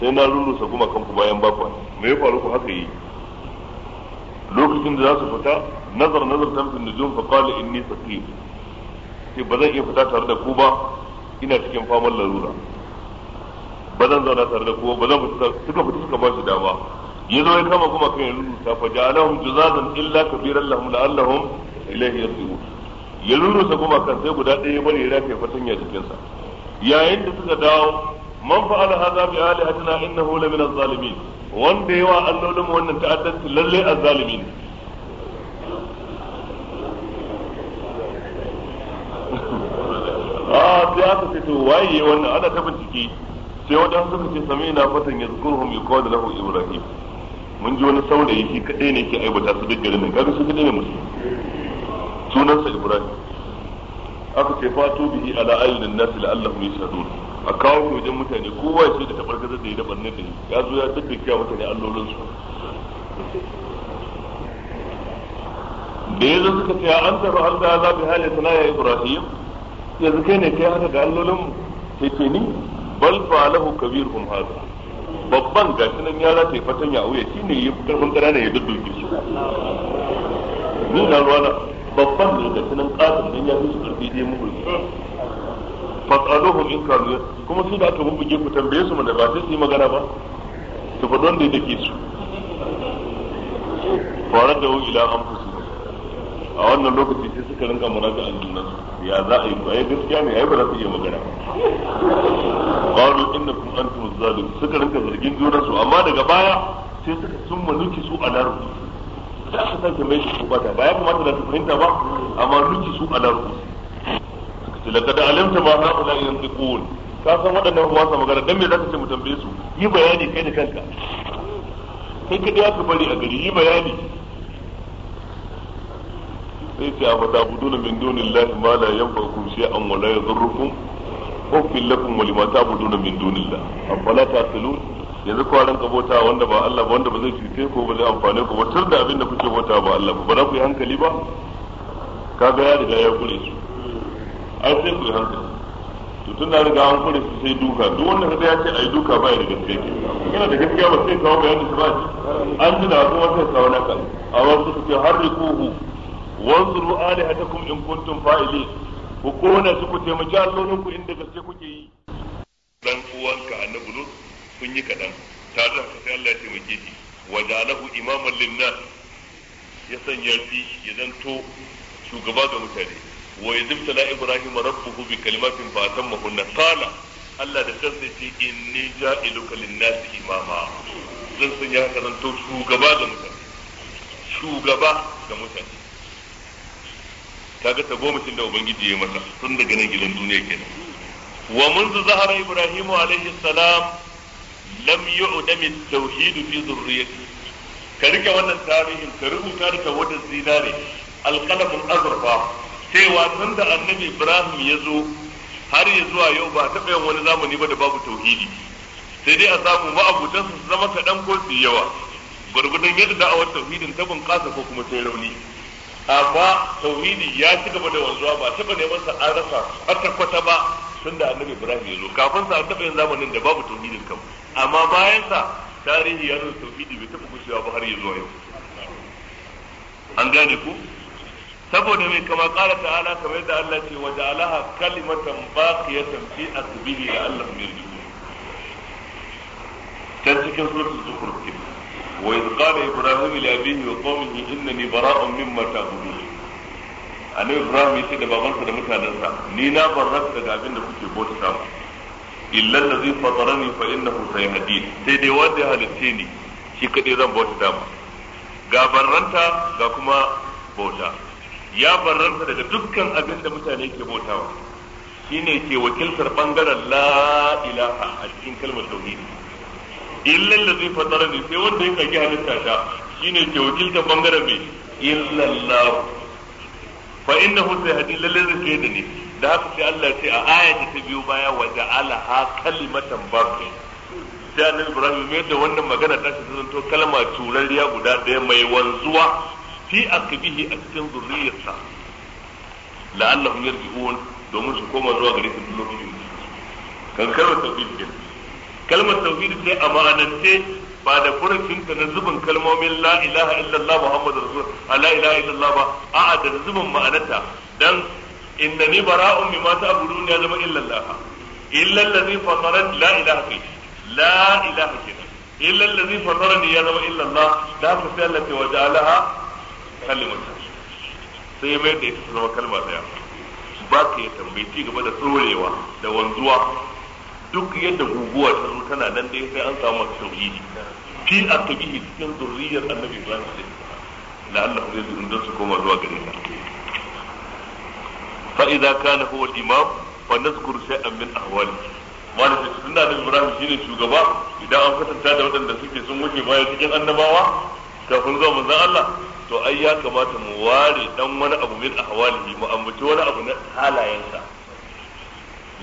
sai na rurrusa kuma kanku bayan bakwa me ya faru ku haka yi lokacin da za su fita nazar nazar tamfin nujum fa qala inni saqim ce ba zan iya fita tare da ku ba ina cikin famar larura ba zan zauna tare da ku ba zan fita suka fita suka ba shi dama ya zo ya kama kuma kan ya rubuta fa ja'alahum juzazan illa kabiran lahum la'allahum ilayhi yarji'un ya rurusa kuma kan sai guda ɗaya ya bari ya rafe fatanya jikinsa yayin da suka dawo man fa'ala hadha bi alihatina innahu la min az-zalimin wanda yawa allolin wannan ta'addanci lalle az-zalimin a ah, sai aka ce to waye wannan ana ta bincike sai wajen suka ce sami ina fatan ya zukurhum yuqad lahu ibrahim mun ji wani saurayi shi kadai ne ke aibata su duk garin nan kaga su kadai ne musu sunansa ibrahim aka ce fatu bihi ala ayyunin nasi la'allahum yashhadun a kawo shi wajen mutane kowa ya ce da tabar gaza da ya dabar ne da ya zo ya tabbata mutane allolin su da yanzu suka ce an tafi an da za bi hali sana ya ibrahim yanzu kai ne kai haka ga allolinmu sai ce ni bal falahu hum hada babban gashi nan yara ta yi fatan ya wuya shine fi karfin ne ya dudduke su ni na ruwa na babban ne gashi nan ƙasar nan ya fi su ƙarfi dai muhulki fasaluhum in kanu kuma su da aka bubbuge ku tambaye su da ba sai su yi magana ba su faɗi wanda ya dake su farar da wani ila an fusu a wannan lokaci suka rinka muraja a junan ya za a yi to ai gaskiya ne ai ba za su iya magana qalu innakum antum zalim suka rinka zargin junan su amma daga baya sai suka sun manuki su a laru da aka sake mai su bata ba ya kamata da su fahimta ba amma nuki su a laru suka ce laqad alimta ma haula yantiqun ka san waɗannan ba sa magana dan me za ka ce mu tambaye su yi bayani kai da kanka kai ka ya ka bari a gari yi bayani sai ce a fata na min dunillahi ma la yanfa'ukum shay'an wa la lafin wali ma ta lima na min dunillah ta salu yanzu ku ranka bota wanda ba Allah ba wanda ba zai cuce ko ba zai amfane ku ba tur da abin da kuke bota ba Allah ba ba ku yi hankali ba kaga ya riga ya kure su ai sai ku yi hankali to tun da riga an kure su sai duka duk wanda ka ya ce ai duka ba ya riga sai ke yana da gaskiya ba sai kawo bayani su ba an ji da kuma sai kawo na kan a wasu suke har rikuhu wanzuru alihatakum in kuntum fa'ilin ku kona su ku taimaki ku inda gaske kuke yi dan uwanka annabi lut kun yi kadan tare da sai Allah ya taimake shi wa ja'alahu imaman linnas ya sanya shi ya zanto shugaba ga mutane wa yadimta la ibrahim rabbuhu bi kalimatin fa hunna qala Allah da kansa ce inni ja'iluka lin imama zan sanya ka zanto shugaba ga mutane shugaba ga mutane kaga ta goma da ubangiji ya masa tun daga nan gidan duniya kenan wa منذ ظهر Ibrahimu عليه salam لم يعدم التوحيد fi ka rike wannan tarihin ka rubuta da tawadin zinare alƙalamin azurfa cewa tun da annabi ibrahim ya zo har ya zuwa yau ba taɓa yin wani zamani ba da babu tauhidi sai dai a samu ma'abutan su zama kaɗan ko su yawa gwargwadon yadda da'awar tauhidin ta bunƙasa ko kuma sai rauni amma tauhidi ya ci gaba da wanzuwa ba taba neman sa an rasa har kwata ba tun da annabi ibrahim ya zo kafin sa an taba yin zamanin da babu tauhidin kam amma bayan sa tarihi ya nuna tauhidi bai taba gushewa ba har ya zo yau an gane ku saboda mai kama kala ala kamar yadda Allah ce waje alaha kalimatan baqiyatan fi asbihi la Allah yarji'u cikin suratul zukhruf wa iz qala ibrahim li abihi wa qawmihi innani bara'un mimma ta'budun annabi ibrahim yace da babansa da mutanensa ni na barrata daga abin kuke bauta sama illa allazi fatarani fa innahu sayhadi sai dai wanda ya halitte ni shi kadai zan bauta sama ga barranta ga kuma bauta ya barranta daga dukkan abin da mutane ke bautawa shine ke wakiltar bangaren la a cikin kalmar tauhidi illal ladhi fatarani sai wanda ya ga halitta ta shine ke wakilta bangaren mai illallah fa innahu sayhadi lalle zai da ni da haka sai Allah sai a ayati ta biyu baya wa ha kalimatan baqi sai annabi Ibrahim mai da wannan magana ta ta zanto kalma turariya guda daya mai wanzuwa fi akbihi a cikin zurriyarsa la'allahum yarji'un domin su koma zuwa gare su lokacin kankar ta din kalmar tauhidi sai a ma'anance ba da furucin ta na zubin kalmomin la ilaha illallah muhammadu rasulullah la ilaha illallah ba a'a da zubin ma'anarta dan innani bara'un mimma ta'budun ya zama illallah illa allazi fatarat la ilaha fi la ilaha kenan illa allazi fatarani ya zama illallah da ku sai Allah ke waja'alaha kalimatan sai mai da ita zama kalma daya ba ka yi tambayi ci gaba da tsorewa da wanzuwa duk yadda guguwa ta zo tana nan dai sai an samu masu tauhidi fi a tabihi cikin zurriyar annabi ibrahim da Allah zai zo don su koma zuwa gare ta fa idza kana huwa al-imam fa nazkuru shay'an min ahwali wanda sai tunda annabi ibrahim shine shugaba idan an kwatanta da waɗanda suke sun wuce baya cikin annabawa kafin zuwa manzon Allah to ai ya kamata mu ware dan wani abu min ahwalihi mu ambaci wani abu na halayensa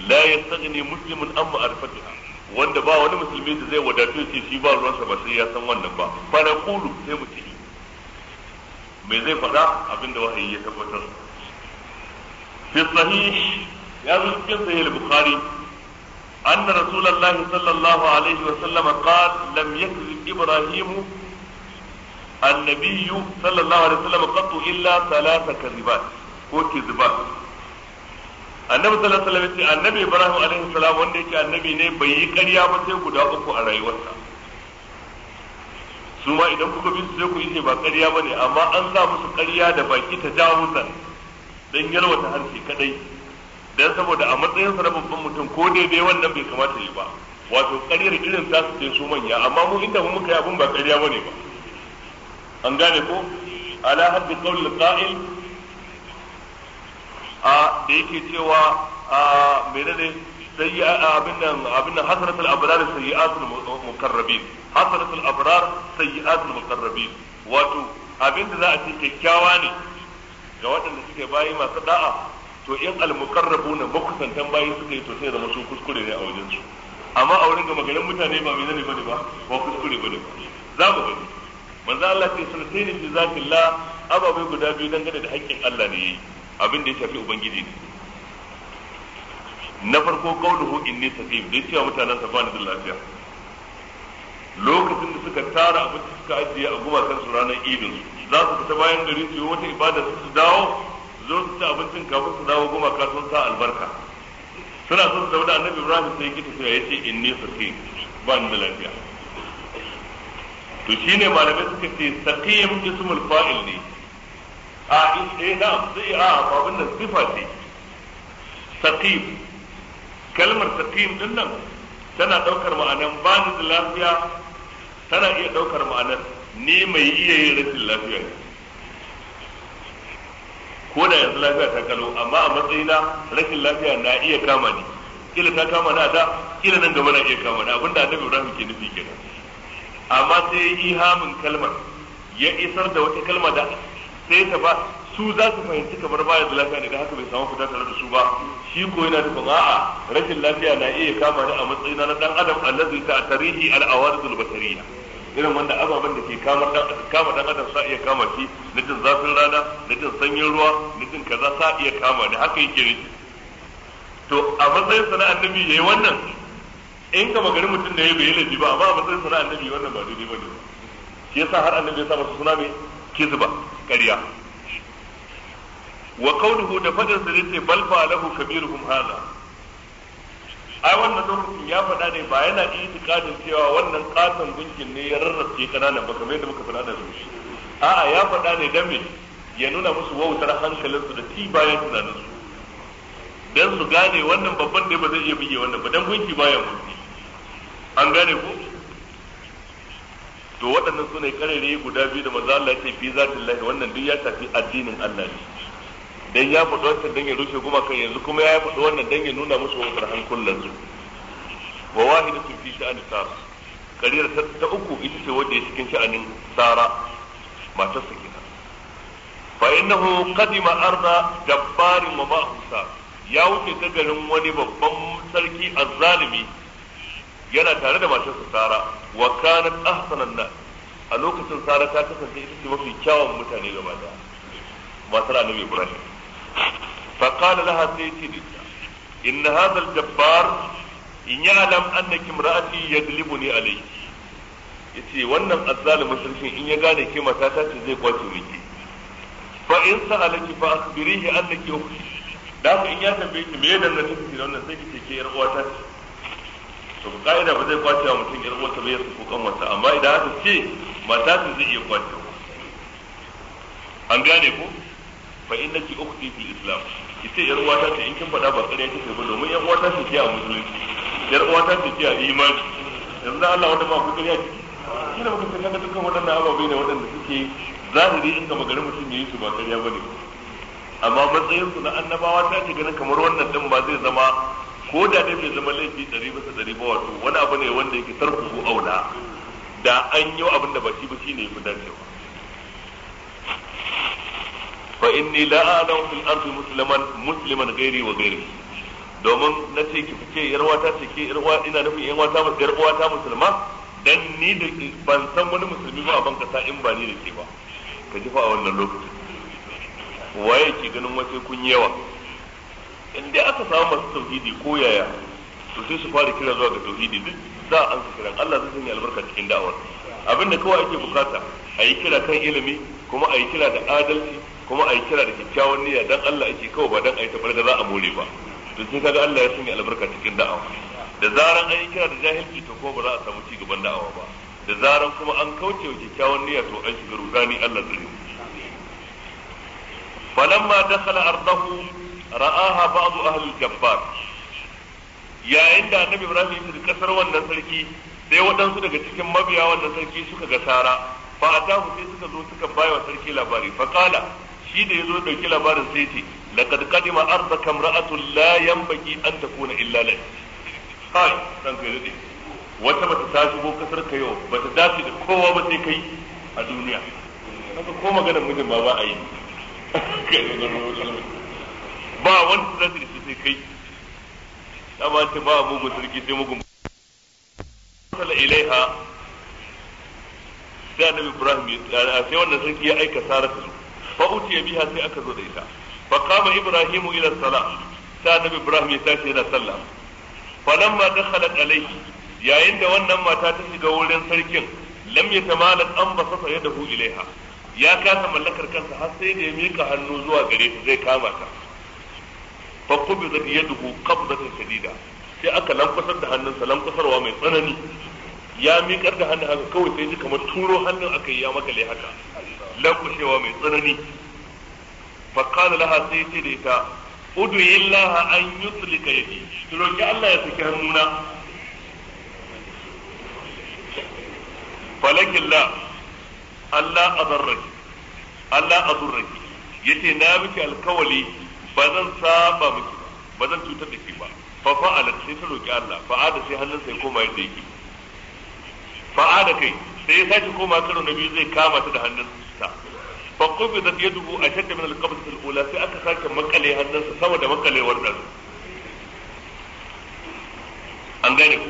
la yastaghni muslimun an ma'rifatiha wanda ba wani musulmi da zai wadatu ce shi ba ruwansa ba sai ya san wannan ba fa na sai mu ce me zai faɗa abinda wahayi ya tabbatar fi sahih ya zo cikin sahih al-bukhari أن رسول الله صلى الله عليه وسلم قال لم يكذب إبراهيم النبي صلى الله عليه وسلم قط ثلاث كذبات وكذبات annabi sallallahu alaihi wasallam annabi ibrahim alaihi salam wanda yake annabi ne bai yi ƙarya ba sai guda uku a rayuwarsa su ma idan kuka bi su sai ku ce ba ƙarya bane amma an sa musu ƙarya da baki ta jawusa dan yalwata harshe kadai dan saboda a matsayin sa na babban mutum ko daidai wannan bai kamata yi ba wato ƙaryar irin ta su su manya amma mu inda mu muka yi abun ba ƙarya bane ba an gane ko ala haddi qawl qa'il a da yake cewa a menene sai abin nan abin nan hasanatul abrar sayyi'atul muqarrabin hasratul abrar sayyi'atul muqarrabin wato abin da za a ce kyakkyawa ne ga waɗanda suke bayi masu da'a to in almuqarrabuna makusantan bayi suka yi to sai zama su kuskure ne a wajen su amma a wurin gama garin mutane ba menene bane ba ba kuskure bane ba za mu gani manzo Allah sai sunaini fi zatillah ababai guda biyu dangane da haƙƙin Allah ne yayi abin da ya shafi ubangiji ne na farko qauluhu inni saqim da cewa mutanen sa bani da lafiya lokacin da suka tara abin da suka ajiye a gumakan su ranar idin za su fita bayan gari su yi wata ibada su su dawo zo su ci abincin kafin su dawo gumaka sun sa albarka suna son su zauna annabi ibrahim sai gita su ya ce inni ba bani da lafiya to shine malamai suka ce saqim ismul fa'il ne a in eh na sai a babun da sifa ce saqim kalmar saqim din nan tana daukar ma'anan bani da lafiya tana iya daukar ma'anan ni mai iya yin rashin lafiya ko da yanzu lafiya ta kalo amma a matsayina rashin lafiya na iya kama ni kila ta kama na da kila nan gaba na iya kama ni abinda annabi Ibrahim ke nufi kenan amma sai ya yi hamin kalmar ya isar da wata kalma da sai ta ba su za su fahimci kamar baya da lafiya daga haka bai samu fita tare da su ba shi ko yana da a'a rashin lafiya na iya kama ni a matsayina na dan adam allazi ta tarihi al awaridul basariya irin wanda ababen da ke kama dan kama dan adam sa iya kama shi na jin zafin rana na jin sanyin ruwa na jin kaza sa iya kama da haka yake ne to a matsayin sana annabi yayi wannan in ka magari mutum da ya bai laifi ba amma a matsayin sana annabi wannan ba daidai bane ne. shi yasa har annabi ya sa masa suna mai kizba ƙarya wa kauluhu da fadar sa yace bal fa lahu kabiruhum hada ai wannan lokacin ya faɗa ne ba yana itikadin cewa wannan katon gunkin ne ya rarrace kananan ba kamar yadda muka faɗa da su a'a ya faɗa ne dan me ya nuna musu wautar hankalinsu da ti bayan tunaninsu dan su gane wannan babban ne ba zai iya bige wannan ba dan gunki bayan mutu an gane ko to waɗannan sune karere guda biyu da manzo Allah ya fi zatin lahi wannan duk ya tafi addinin Allah ne dan ya faɗi wannan dan ya rushe gumakan yanzu kuma ya faɗi wannan dan ya nuna musu farhan kullun su wa wahidatu fi sha'ani sara kariyar ta uku ita ce wadda ya cikin sha'anin sara matar sa kenan fa innahu qadima arda jabbarin wa ma'husa ya wuce ta garin wani babban sarki azzalimi yana tare da matarsa Sara wa kanat ahsanan nas a lokacin Sara ta kasance ita ce mafi kyawun mutane gaba daya matar Annabi Ibrahim fa qala laha sayyidi dinta in hadha al-jabbar in ya'lam annaki imra'ati yadlibuni alayki yace wannan azzalimin sarkin in ya gane ke mata ta ce zai kwace miki fa in sa'alaki fa akhbirihi annaki ukhti da in ya tambaye ki me dan nan kike wannan sai kike ke yar uwata ce to ga ina ba zai kwace wa mutum yar wata bai su kokan wata amma idan aka ce mata su zai iya kwace an gane ko fa inna ki ukhti fi islam ita yar uwata ce in kin fada ba kare kike ba domin yar uwata ce ke a musulunci yar uwata ce ke a imani yanzu Allah wanda ba ku kariya ciki kina ba ku san da dukkan wadannan ababai ne wadanda suke zahiri in ga magana mutum yayi su ba kariya bane amma matsayin su na annabawa ta ce ganin kamar wannan din ba zai zama ko da dai bai zama laifi ɗari bisa ɗari ba wato wani abu ne wanda yake tarkuhu aula da an yi abin da ba shi ba shi ne yafi dacewa fa inni la a'lamu fil ardi musliman musliman ghairi wa ghairi domin na ce ki fice yar wata ce ke yar ina nufin yan wata yar wata musulma dan ni da ban san wani musulmi ba a ban kasa in ba ni da ke ba ka ji fa a wannan lokacin waye ke ganin wace kun yawa in dai aka samu masu tauhidi ko yaya to sai su fara kira zuwa ga tauhidi duk za a ansa kiran Allah zai sanya albarka cikin da'awar abin da kawai ake bukata a yi kira kan ilimi kuma a yi kira da adalci kuma a yi kira da kyakkyawan niyya dan Allah ake kawai ba dan a yi tabar da za a more ba to sai kaga Allah ya sanya albarka cikin da'awa da zaran an yi kira da jahilci to ko ba za a samu ci gaban da'awa ba da zaran kuma an kauce wa kyakkyawan niyya to an shiga rudani Allah yi فلما دخل ardahu ra'aha ba'du ahlul jabbar yayin da annabi ibrahim ya kasar wannan sarki sai waɗansu daga cikin mabiya wannan sarki suka ga sara fa atahu sai suka zo suka bai wa sarki labari fa qala shi da yazo dauki labarin sai ce laqad qadima ardaka imra'atun la yanbaghi an takuna illa lak kai dan kai dade wata bata ta shigo kasar ka yau bata dace da kowa ba sai kai a duniya kaga ko maganar mijin ma ba a yi ba wanda za su dace sai kai ba ce ba mugun Sarki sai mugun sala ilaiha sai annabi ibrahim ya sai wannan sarki ya aika sara ta zo fa utiya biha sai aka zo da ita fa qama ibrahim ila salat sai annabi ibrahim ya tashi yana sallah falamma dakhalat alaihi yayin da wannan mata ta shiga wurin sarkin lam yatamalat an basata yadahu ilaiha ya kasa mallakar kansa har sai da ya mika hannu zuwa gare ta zai kama ta fa qubidat yaduhu qabdatan shadida sai aka lankwasar da hannunsa lankwasarwa mai tsanani ya miƙar da hannun haka kawai sai ji kamar turo hannun aka yi ya makale haka lankwashewa mai tsanani fa qala laha sai ce da ita uduyi laha an yuslika yadi ki roki Allah ya saki hannuna falakin la Allah azarraki Allah azurraki yace na miki alkawali ba zan saba miki ba ba zan cutar da ke ba fa fa'ala sai ta roki Allah fa'ada sai hannun sai koma yadda yake fa'ada kai sai ya sake koma karo na biyu zai kama ta da hannun sa fa qubidat yaduhu ashadda min al-qabdati al-ula sai aka sake makale hannunsa sama da makalewar da an gane ku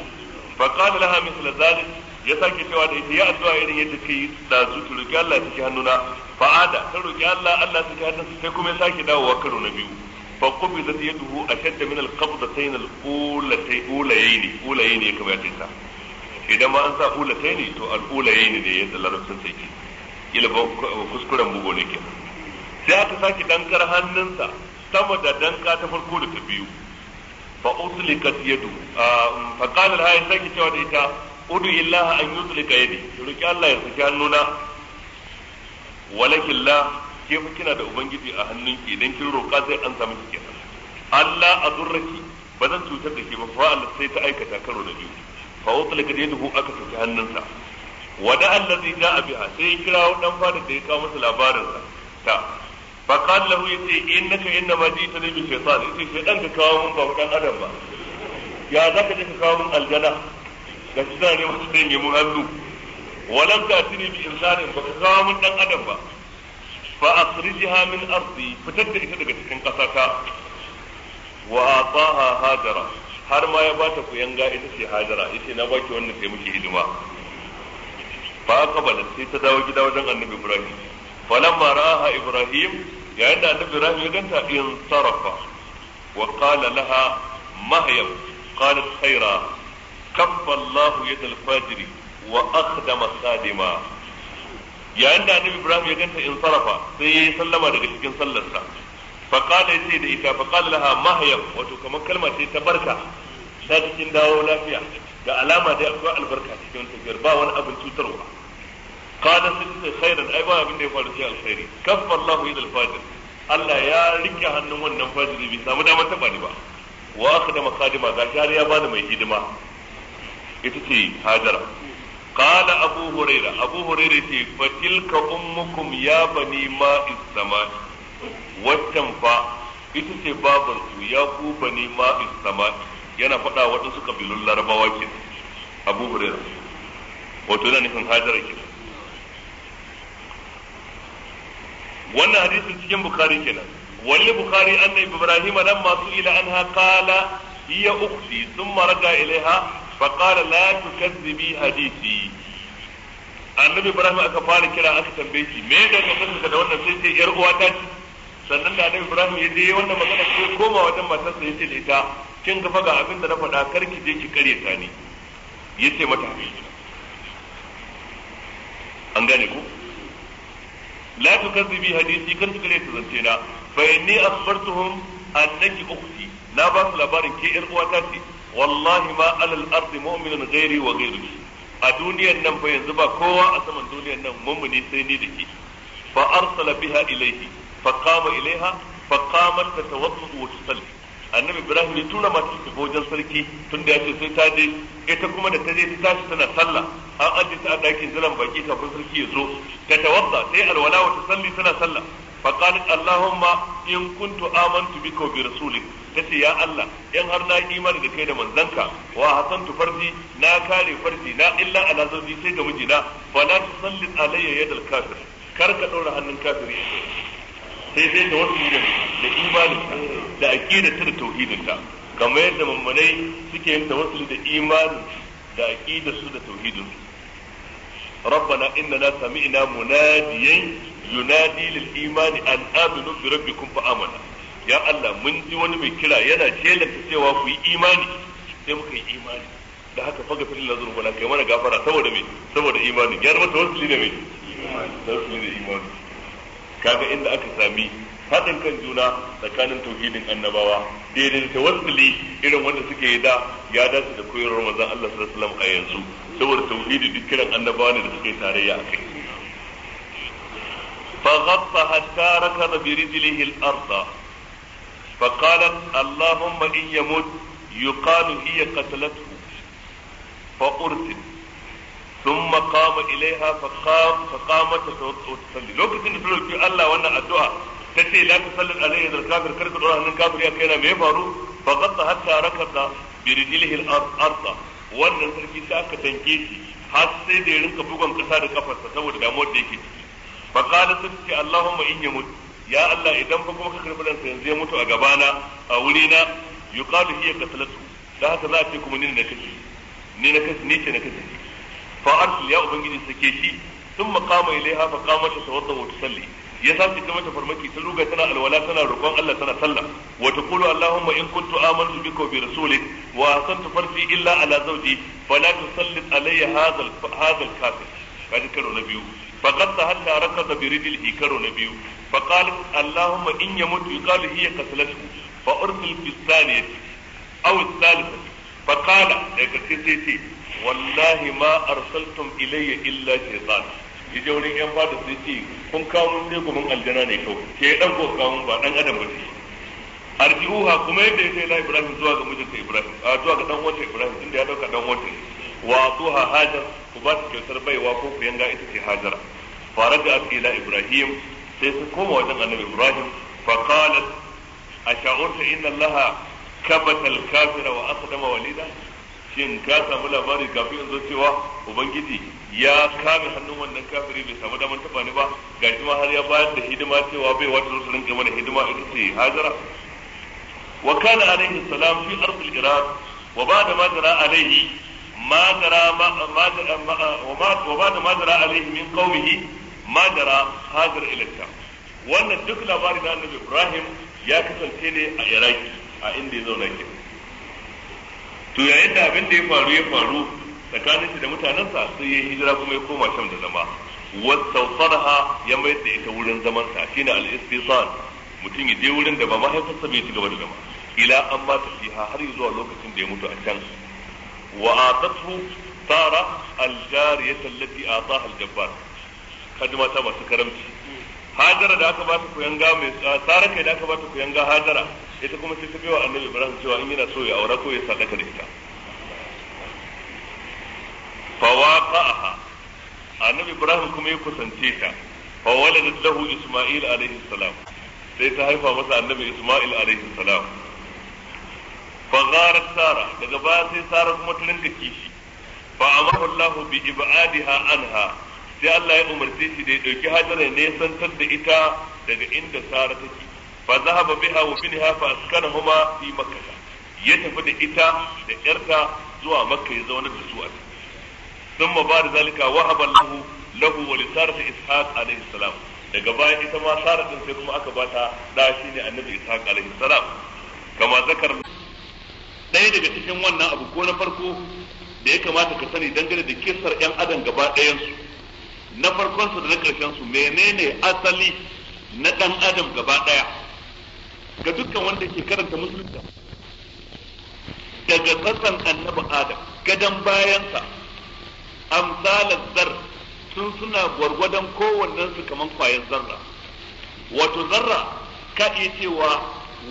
fa qala laha mithla zalik ya sake cewa da ita ya addu'a irin yadda take yi da su ta roki Allah take hannuna fa'ada ta roki Allah Allah take hannunsa sai kuma ya sake dawowa karo na biyu fa qubidat yaduhu ashadda min al-qabdatayn al-ulatayn ulayayn ulayayn ya kamar ta idan ma an sa ne to al-ulayayn ne yadda larabcin sai ke kila ba kuskuren bugo ne ke. sai aka sake dankar hannunsa sama da danka ta farko da ta biyu fa uslikat yadu fa qala al-hayy sake cewa da ita udu illaha an yutlika yadi roki Allah ya saki hannuna walakin la ke fa kina da ubangiji a hannunki idan kin roka sai an samu kike Allah azurraki ba zan cutar da ke ba fa Allah sai ta aikata karo da biyu fa utlika yadihu aka saki hannunsa wada allazi ja'a biha sai kirawo dan fada da ya kawo masa labarinsa ta fa qala lahu yace innaka innama jita ne bi shaytan yace shaytan ka kawo mun ba dan adam ba ya zaka je ka kawo mun aljana ga shi da ne wasu ɗanye mun hannu walam ta tini bi insanin ba ka kawo mun dan adam ba fa akhrijha min ardi fitar da ita daga cikin ƙasa wa ataha hajara har ma ya bata yanga ita ce hajara yace na baki wannan sai muke hidima fa qabala sai ta dawo gida wajen annabi ibrahim falamma ra'aha ibrahim yayin da annabi ibrahim ya ganta in sarafa wa qala laha mahyam qalat khaira tabballahu yadal fajiri wa akhdama sadima yayin da annabi ibrahim ya ganta in sarafa sai ya sallama daga cikin sallarsa fa qala yace da ita fa qala laha mahya wato kamar kalma ce ta barka ta cikin dawo lafiya da alama dai akwai albarka cikin tafiyar ba wani abin cutarwa qala sai khairan ai ba abin da ya faru sai alkhairi kaffa Allahu idal fajir Allah ya rike hannun wannan fajiri bai samu damar taba ni ba wa akhdama khadima ga ya bani mai hidima ita ce hajara قال أبو هريرة أبو هريرة فتلك أمكم يا بني ماء السماء fa ita ce babansu ya ku bani ma'is sama yana faɗa waɗansu kabilun larabawa ke abu hurera wato yana nufin hajara ke wannan hadisin cikin bukari kenan wani bukari Annabi na ibrahim nan masu ila an ha kala hiya ukhti sun maraga ilaiha فقال لا تكذبي حديثي annabi ibrahim aka fara kira aka tambaye shi me da ka da wannan sai ce yar uwa ta sannan da annabi ibrahim ya je wannan magana ko koma wajen matarsa ya ce da ita kin ga faga abin da na faɗa kar ki je ki kare ta ni yace mata an gane ko la tukazzibi hadisi kan ki kare ta zance na fa inni akhbartuhum annaki ukhti na ba su labarin ke yar uwa ta ce wallahi ma alal ardi mu'minun ghairi wa ghairuki a duniyar nan fa yanzu ba kowa a saman duniyar nan mummuni sai ni da ke fa arsala biha ilayhi fa qama ilayha fa qamat tatawaddu wa tusalli annabi ibrahim ya tura mata ta wajen sarki tunda ya ce sai ta je ita kuma da ta je ta tashi tana salla an aje ta a dakin jiran baki kafin sarki ya zo ta tawadda sai alwala wa tusalli tana salla fa qalat allahumma in kuntu amantu bika wa bi tace ya Allah in har na imani da kai da manzanka wa hasantu farji na kare farji na illa ala zawji sai ga mijina fa la tusallit alayya yadal kafir kar ka daura hannun kafiri sai sai da wasu da imanin da aqidarta da tauhidinta kamar yadda mummunai suke yin tawassuli da imanin da aqidarsu da tauhidinsu ربنا إننا سمعنا مناديا ينادي للإيمان أن آمنوا بربكم فآمنا ya Allah mun ji wani mai kira yana shelanta cewa ku yi imani sai muka yi imani da haka faga na lazuru bana kai mana gafara saboda mai saboda imani ya zama tawassuli da me tawassuli da imani kaga inda aka sami haɗin kan juna tsakanin tauhidin annabawa daidai wasu irin wanda suke yi da ya dace da koyarwar manzon Allah sallallahu alaihi wasallam a yanzu saboda tauhidi duk kiran annabawa ne da suke tarayya kai فغطى حتى ركض برجله الأرض فقالت اللهم إن يموت يقال هي قتلته فأرسل ثم قام إليها فقام فقامت وتصلي لو كنت تقول في الله وأنا أدعى تتي لا تصلي عليه إذا الكافر كرت الأولى أن الكافر يكينا ميفارو فغطى حتى ركض برجله الأرض وأن تركي ساكة aka حتى سيدي لنك sai da ya rinka bugon kasa da kafarsa saboda damuwar ya Allah idan ba kuma ka karbi ransa yanzu ya mutu a gabana a wurina yuqalu hiya qatlatu da haka za a ce kuma ni na kace ni na kace ni ce na kace fa arsil ya ubangiji sake shi sun maqama ilaiha fa ta tawadda wa tusalli ya sake ta mata farmaki ta ruga tana alwala tana roƙon Allah tana sallah wa taqulu allahumma in kuntu amantu bika wa bi rasulik wa hasantu farfi illa ala zawji fala tusallit alayya hadha hadha al-kafir kaji karo na biyu faqad tahanna rakaza bi rijlihi karo na biyu fa qalu allahumma in yamut yuqalu hiya qaslatu fa ursil fi thaniyati aw thalithati fa qala daga sai sai ce wallahi ma arsaltum ilayya yaje wurin yan fada sai ce kun kawo mun sai gumin aljana ne kawai ke dan ko kawo ba dan adam ba ce kuma yadda ya kai la ibrahim zuwa ga mijinta ibrahim a zuwa ga dan wata ibrahim inda ya dauka dan wata wa tuha hajar ku ba su kyautar baiwa ko ku yanga ita ce hajara faraja ila ibrahim sai ta koma wajen annabi ibrahim fa qalat asha'urta inna allaha kabata al-kafira wa aqdama walida shin ka samu labari kafin in zo cewa ubangiji ya kame hannun wannan kafiri bai samu damar taba ni ba ga ma har ya bayar da hidima cewa bai wata zo su rinka mana hidima ita ce hajara wa kana alaihi salam fi ardil iraq wa ba'da ma tara alaihi ma tara ma ma wa ba'da ma tara alaihi min qawmihi madara hadar ilatta wannan duk labari na annabi ibrahim ya kasance ne a iraki a inda ya zauna ke to yayin da abin da ya faru ya faru tsakanin shi da mutanensa sai ya hijira kuma ya koma shan da zama wasautarha ya mai da ita wurin zaman sa shine al-istisan mutum ya je wurin da ba mahaifarsa bai ci gaba da zama ila an ba ta fiha har zuwa lokacin da ya mutu a can wa atatu tara al-jariyata allati ataha al-jabbar kaji mata masu karamci hajara da aka ba ta koyan kuyanga mai tsara kai da aka ba ta koyan kuyanga hajara ita kuma sai ta bai annabi ibrahim cewa in yana so ya aura ko ya sadaka da ita fawaqa'aha annabi ibrahim kuma ya kusance ta fa waladat lahu isma'il alaihi salam sai ta haifa masa annabi isma'il alaihi salam fa gharat sara daga baya sai sara kuma ta rinka kishi fa amara allah bi ibadiha anha sai Allah ya umarce shi da ya dauki hajara ne santar da ita daga inda Sara take fa zahaba biha wa binha fa huma fi makkah ya tafi da ita da yarta zuwa makka ya zauna da su a thumma ba'da zalika wahaba lahu lahu wa li sarata ishaq alayhi salam daga baya ita ma sara din sai kuma aka bata da shi ne annabi ishaq alaihi salam kama zakar ɗaya daga cikin wannan abu ko na farko da ya kamata ka sani dangane da kisar yan adam gaba su na farkon su da na karshen su menene asali na dan adam gaba daya ga dukkan wanda ke karanta musulunci daga tsatsan annabi adam gadan bayansa amsalar zar sun suna gwargwadon kowannen su kaman kwayar zarra wato zarra ka iya cewa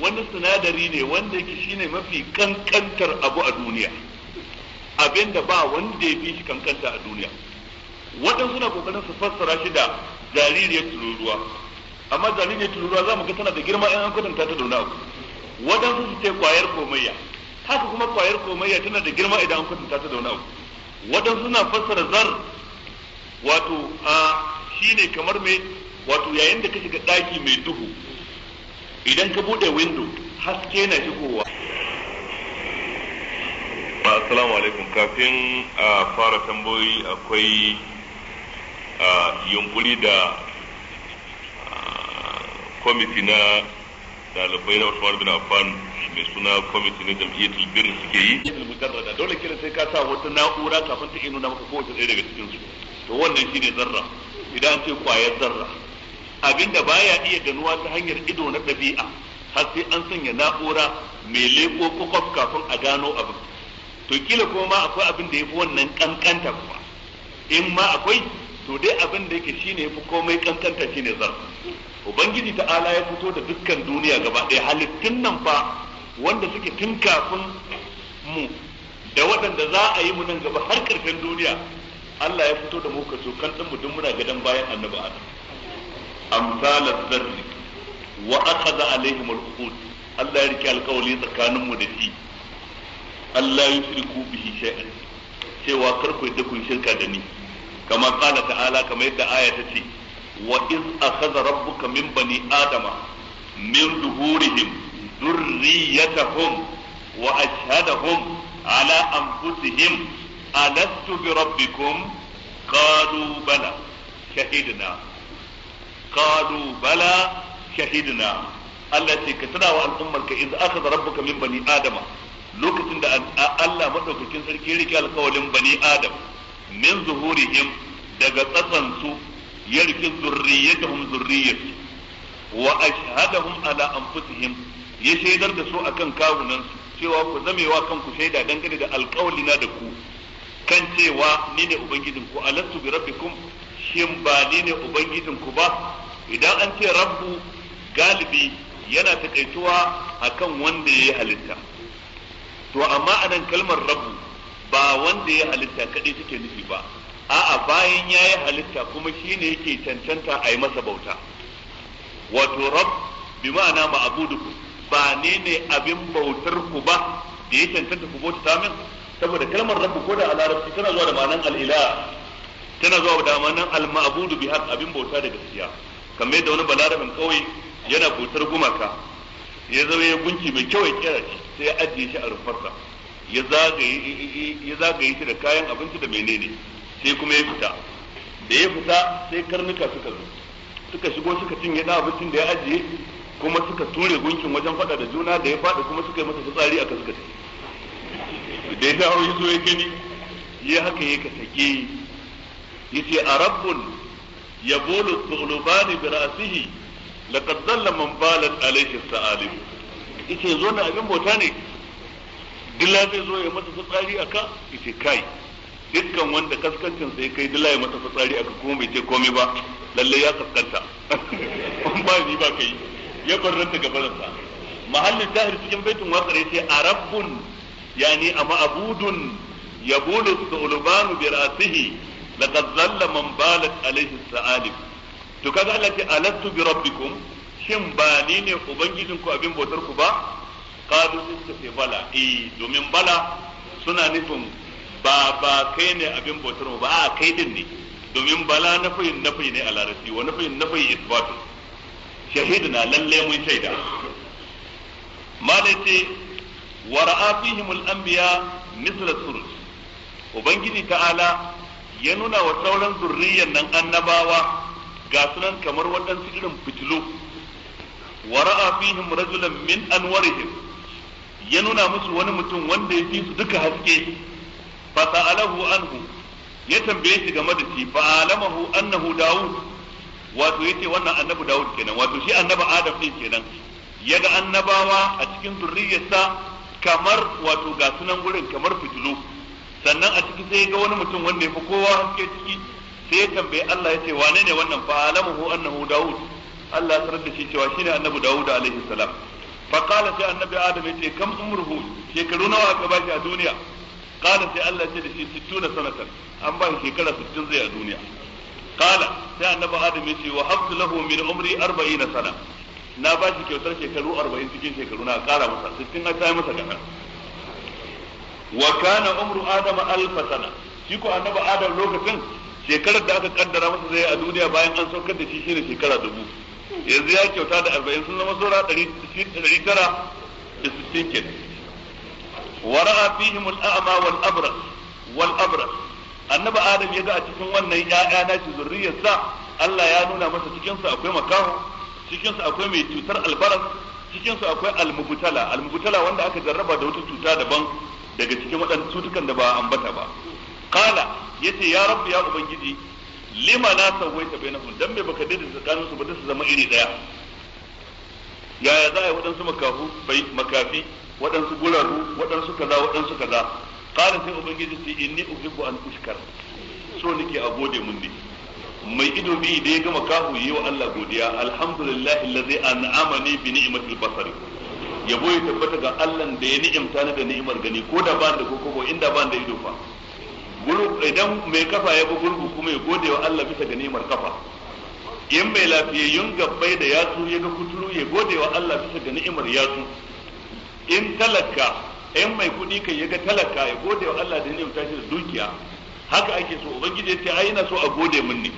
wani sinadari ne wanda yake shine mafi kankantar abu a duniya abinda ba wanda ya fi shi kankanta a duniya waɗansu suna kokarin su fassara shi da jaririyar tururuwa amma jaririyar tururuwa za mu ga tana da girma in an kwatanta ta da wani abu waɗansu su ce kwayar komayya haka kuma kwayar komayya tana da girma idan an kwatanta ta da wani abu waɗansu suna fassara zar wato a shine kamar mai wato yayin da ka shiga ɗaki mai duhu idan ka buɗe windo haske na shigowa assalamu alaikum kafin a fara tambayoyi akwai yunkuri da kwamiti na dalibai na Usman bin Affan mai suna kwamiti na jam'iyyar birni suke yi da dole kira sai ka sa wata na'ura kafin ta nuna maka kowace ɗaya daga cikin su to wannan shi ne zarra idan an ce kwayar zarra abinda baya iya ganuwa ta hanyar ido na ɗabi'a har sai an sanya na'ura mai leko kwakwaf kafin a gano abin to kila kuma ma akwai abin da ya fi wannan kankanta kuma in ma akwai to dai abin da yake shine yafi komai kankanta shine zar ubangiji ta ala ya fito da dukkan duniya gaba ɗaya halittun nan fa wanda suke tun kafin mu da waɗanda za a yi mu nan gaba har ƙarshen duniya Allah ya fito da mu ka kan ɗan mu muna gadan bayan annabi Adam amsalat zarri wa akhadha alaihim al-uqud Allah ya rike alƙawari tsakanin mu da shi Allah ya shirku bihi shay'an cewa kar da kun shirka da ni kama qala ta'ala kama yadda aya ta ce wa iz akhadha rabbuka min bani adama min duhurihim dhurriyyatahum wa ashhadahum ala anfusihim alastu bi rabbikum qalu bala shahidna qalu bala shahidna Allah ce ka tunawa al'ummar ka iz akhadha rabbuka min bani adama lokacin da Allah madaukakin sarki ya rike alƙawarin bani adam min zuhurihim daga tsatsansu ya riki zurriyatahum zurriyati wa ashhadahum ala anfusihim ya shaidar da su akan kawunan su, cewa ku zamewa ku shaida dangane da alƙawlina da ku kan cewa ni ne ubangijin ku alastu bi rabbikum shin ba ni ne ubangijin ku ba idan an ce rabbu galibi yana takaituwa akan wanda ya yi halitta to amma anan kalmar rabbu ba wanda ya halitta kadai suke nufi ba a'a bayan ya yi halitta kuma shi ne yake cancanta a yi masa bauta wato rab bi ma'ana ma'abudukum ba ne ne abin bautar ku ba da ya cancanta ku bauta min saboda kalmar rabbu ko da a larabci tana zuwa da ma'anan al'ila tana zuwa da ma'anan al-ma'budu bi abin bauta da gaskiya kamar yadda wani balarabin kauye yana bautar gumaka ya zama ya gunki mai kyau ya kera shi sai ya ajiye shi a rufarsa ya zagaye shi da kayan abinci da menene sai kuma ya fita da ya fita sai karnuka suka zo suka shigo suka cinye da abincin da ya ajiye kuma suka ture gunkin wajen faɗa da juna da ya faɗa kuma suka yi masa fitsari aka suka ci da ya dawo ya zo ya gani ya haka ya ka sake ya ce a rabbun ya bolo tsulubani bi ra'asihi laqad dalla man balat alayhi sa'alim yace zo na abin bauta ne dila zai zo ya masa fitsari a ka yace kai dukkan wanda kaskancin sai kai dilla ya masa fitsari aka kuma bai ce komai ba lallai ya kaskanta kun ba ni ba kai ya barranta gaban sa mahallin tahir cikin baitin waƙar yace arabbun yani ama abudun yabulu sulubanu bi ra'sihi laqad zalla man balat alaihi sa'alib to kaga Allah ce alastu bi rabbikum shin ba ni ne ubangijinku abin bautar ku ba kadu sai suka bala eh domin bala suna nufin ba ba kai ne abin bautar mu ba a kai din ne domin bala nafayin nafayi ne a larabci wa nafayin nafayi isbatu na lalle mun shaida malaiti wa ra'a fihim al-anbiya misla surus ubangiji ta'ala ya nuna wa sauran zurriyan nan annabawa ga sunan kamar waɗansu irin fitilu wa ra'a fihim rajulan min anwarihim ya nuna musu wani mutum wanda ya fi su duka haske fa sa'alahu anhu ya tambaye shi game da shi fa alamahu annahu daud wato yace wannan annabi daud kenan wato shi annabi adam din kenan ya ga annabawa a cikin zurriyarsa kamar wato ga sunan gurin kamar fitilu sannan a ciki sai ya ga wani mutum wanda ya fi kowa haske ciki sai ya tambaye Allah ya ce wane ne wannan fa alamahu annahu daud Allah ya sanar da shi cewa shine annabi daud alaihi salam faqala sai annabi adam yace kam umruhu shekaru nawa aka shi a duniya qala sai Allah ce da shi 60 sanatan an ba shi shekara 60 zai a duniya qala sai annabi adam yace wa habtu lahu min umri 40 sana na ba shi kyautar shekaru 40 cikin shekaru na kara masa 60 an ta masa kadan wa kana umru adama alf sana shi ko annabi adam lokacin shekarar da aka kaddara masa zai a duniya bayan an saukar da shi shine shekara dubu yanzu ya kyauta da arba'in sun zama saura ɗari tara da sittin kenan wara'a mul al'ama wal abra wal abra annabi adam ya ga a cikin wannan ƴaƴa na shi zurriyarsa Allah ya nuna masa cikin su akwai makaho cikin su akwai mai cutar albaras cikin su akwai almubutala almubutala wanda aka jarraba da wata cuta daban daga cikin waɗannan cutukan da ba ambata ba qala yace ya rabbi ya ubangiji lima na ta bainahum dan me baka daidaita tsakanin su ba su zama iri daya yaya za a yi waɗansu makafu bai makafi waɗansu guraru waɗansu kaza waɗansu kaza qala sai ubangiji sai inni uhibbu an ushkar so nake a gode mun ne mai ido bi da ya gama kafu yi wa Allah godiya alhamdulillah allazi an'amani bi ni'matil basari yabo ya tabbata ga Allah da ya ni'imta ni da ni'imar gani ko da ba da ko inda ba da ido fa idan mai kafa ya bi gurgu kuma ya gode wa Allah bisa ga nimar kafa in mai lafiyayyun gabbai da yatsu ya ga kuturu ya gode wa Allah bisa ga ni'imar yatsu in talaka in mai kuɗi kai ya ga talaka ya gode wa Allah da ni'imar tashi da dukiya haka ake so ubangiji ya ce ai ina so a gode min ne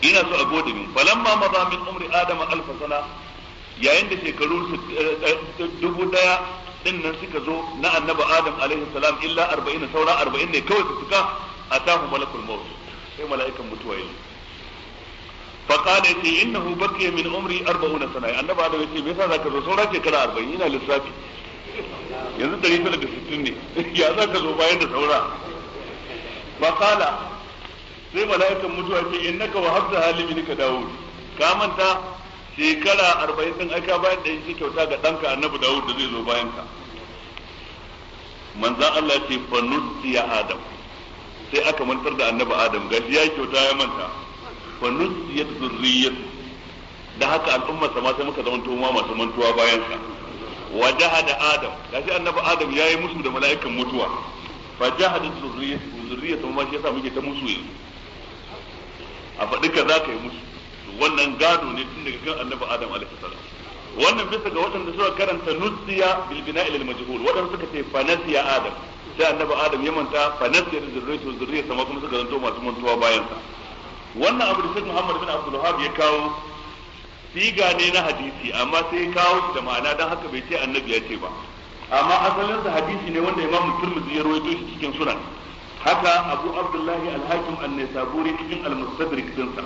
ina so a gode min falamma maza min umri adama alfa sana yayin da shekaru eh, eh, dubu daya din nan suka zo na annabi adam alaihi salam illa 40 saura 40 ne kawai su suka atahu malakul maut sai mala'ikan mutuwa yayi fa qala yace innahu baqiya min umri 40 sana annabi adam yace me yasa zaka zo saura shekara 40 ina lissafi yanzu 160 ne ya zaka zo bayan da saura fa sai mala'ikan mutuwa yace innaka wahabta halimi ka dawo ka manta shekara arba'in din aka bayan da shi kyauta ga ɗanka annabi dawud da zai zo bayan ka manzan Allah ce fa nusiya adam sai aka mantar da annabi adam gashi ya kyauta ya manta fa ya zurriyyat da haka al'ummar sama sai muka zama tuma masu mantuwa bayan ka wajaha da adam shi annabi adam ya yi musu da mala'ikan mutuwa fa jahada zurriyyat ta ma shi yasa muke ta musu yanzu a faɗi ka za ka yi musu wannan gado ne tun daga kan annabi adam alaihi salam wannan bisa ga waɗanda suka karanta nusiya bil bina'il al majhul waɗanda suka ce fanasiya adam sai annabi adam ya manta fanasiya da zurriyatu zurriya sama kuma suka zanto masu mantuwa bayan sa wannan abu da Sheikh Muhammad bin Abdul Wahhab ya kawo siga ne na hadisi amma sai ya kawo shi da ma'ana dan haka bai ce annabi ya ce ba amma asalin sa hadisi ne wanda Imam Tirmidhi ya rawaito shi cikin sunan haka Abu abdullahi al-Hakim an-Nisaburi cikin al din sa.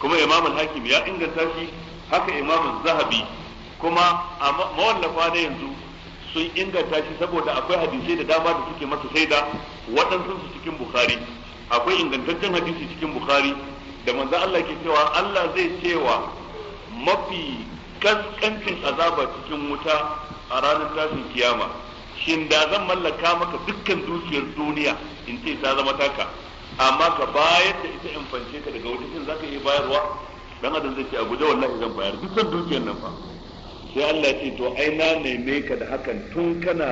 kuma imam al-hakim ya inganta shi haka imam zahabi kuma a mawallafa na yanzu sun inganta shi saboda akwai hadisai da dama da suke masa saida waɗansu su cikin bukhari akwai ingantaccen hadisi cikin bukhari da manzo Allah ke cewa Allah zai cewa mafi kaskancin azaba cikin wuta a ranar tashin kiyama shin da zan mallaka maka dukkan dukiyar duniya in ce ta zama taka amma ka bayar da ita in fance ka daga wuta shin zaka iya bayarwa dan adam zai ce a guje wallahi zan bayar dukkan dukiyar nan fa sai Allah ya ce to ai na neme ka da hakan tun kana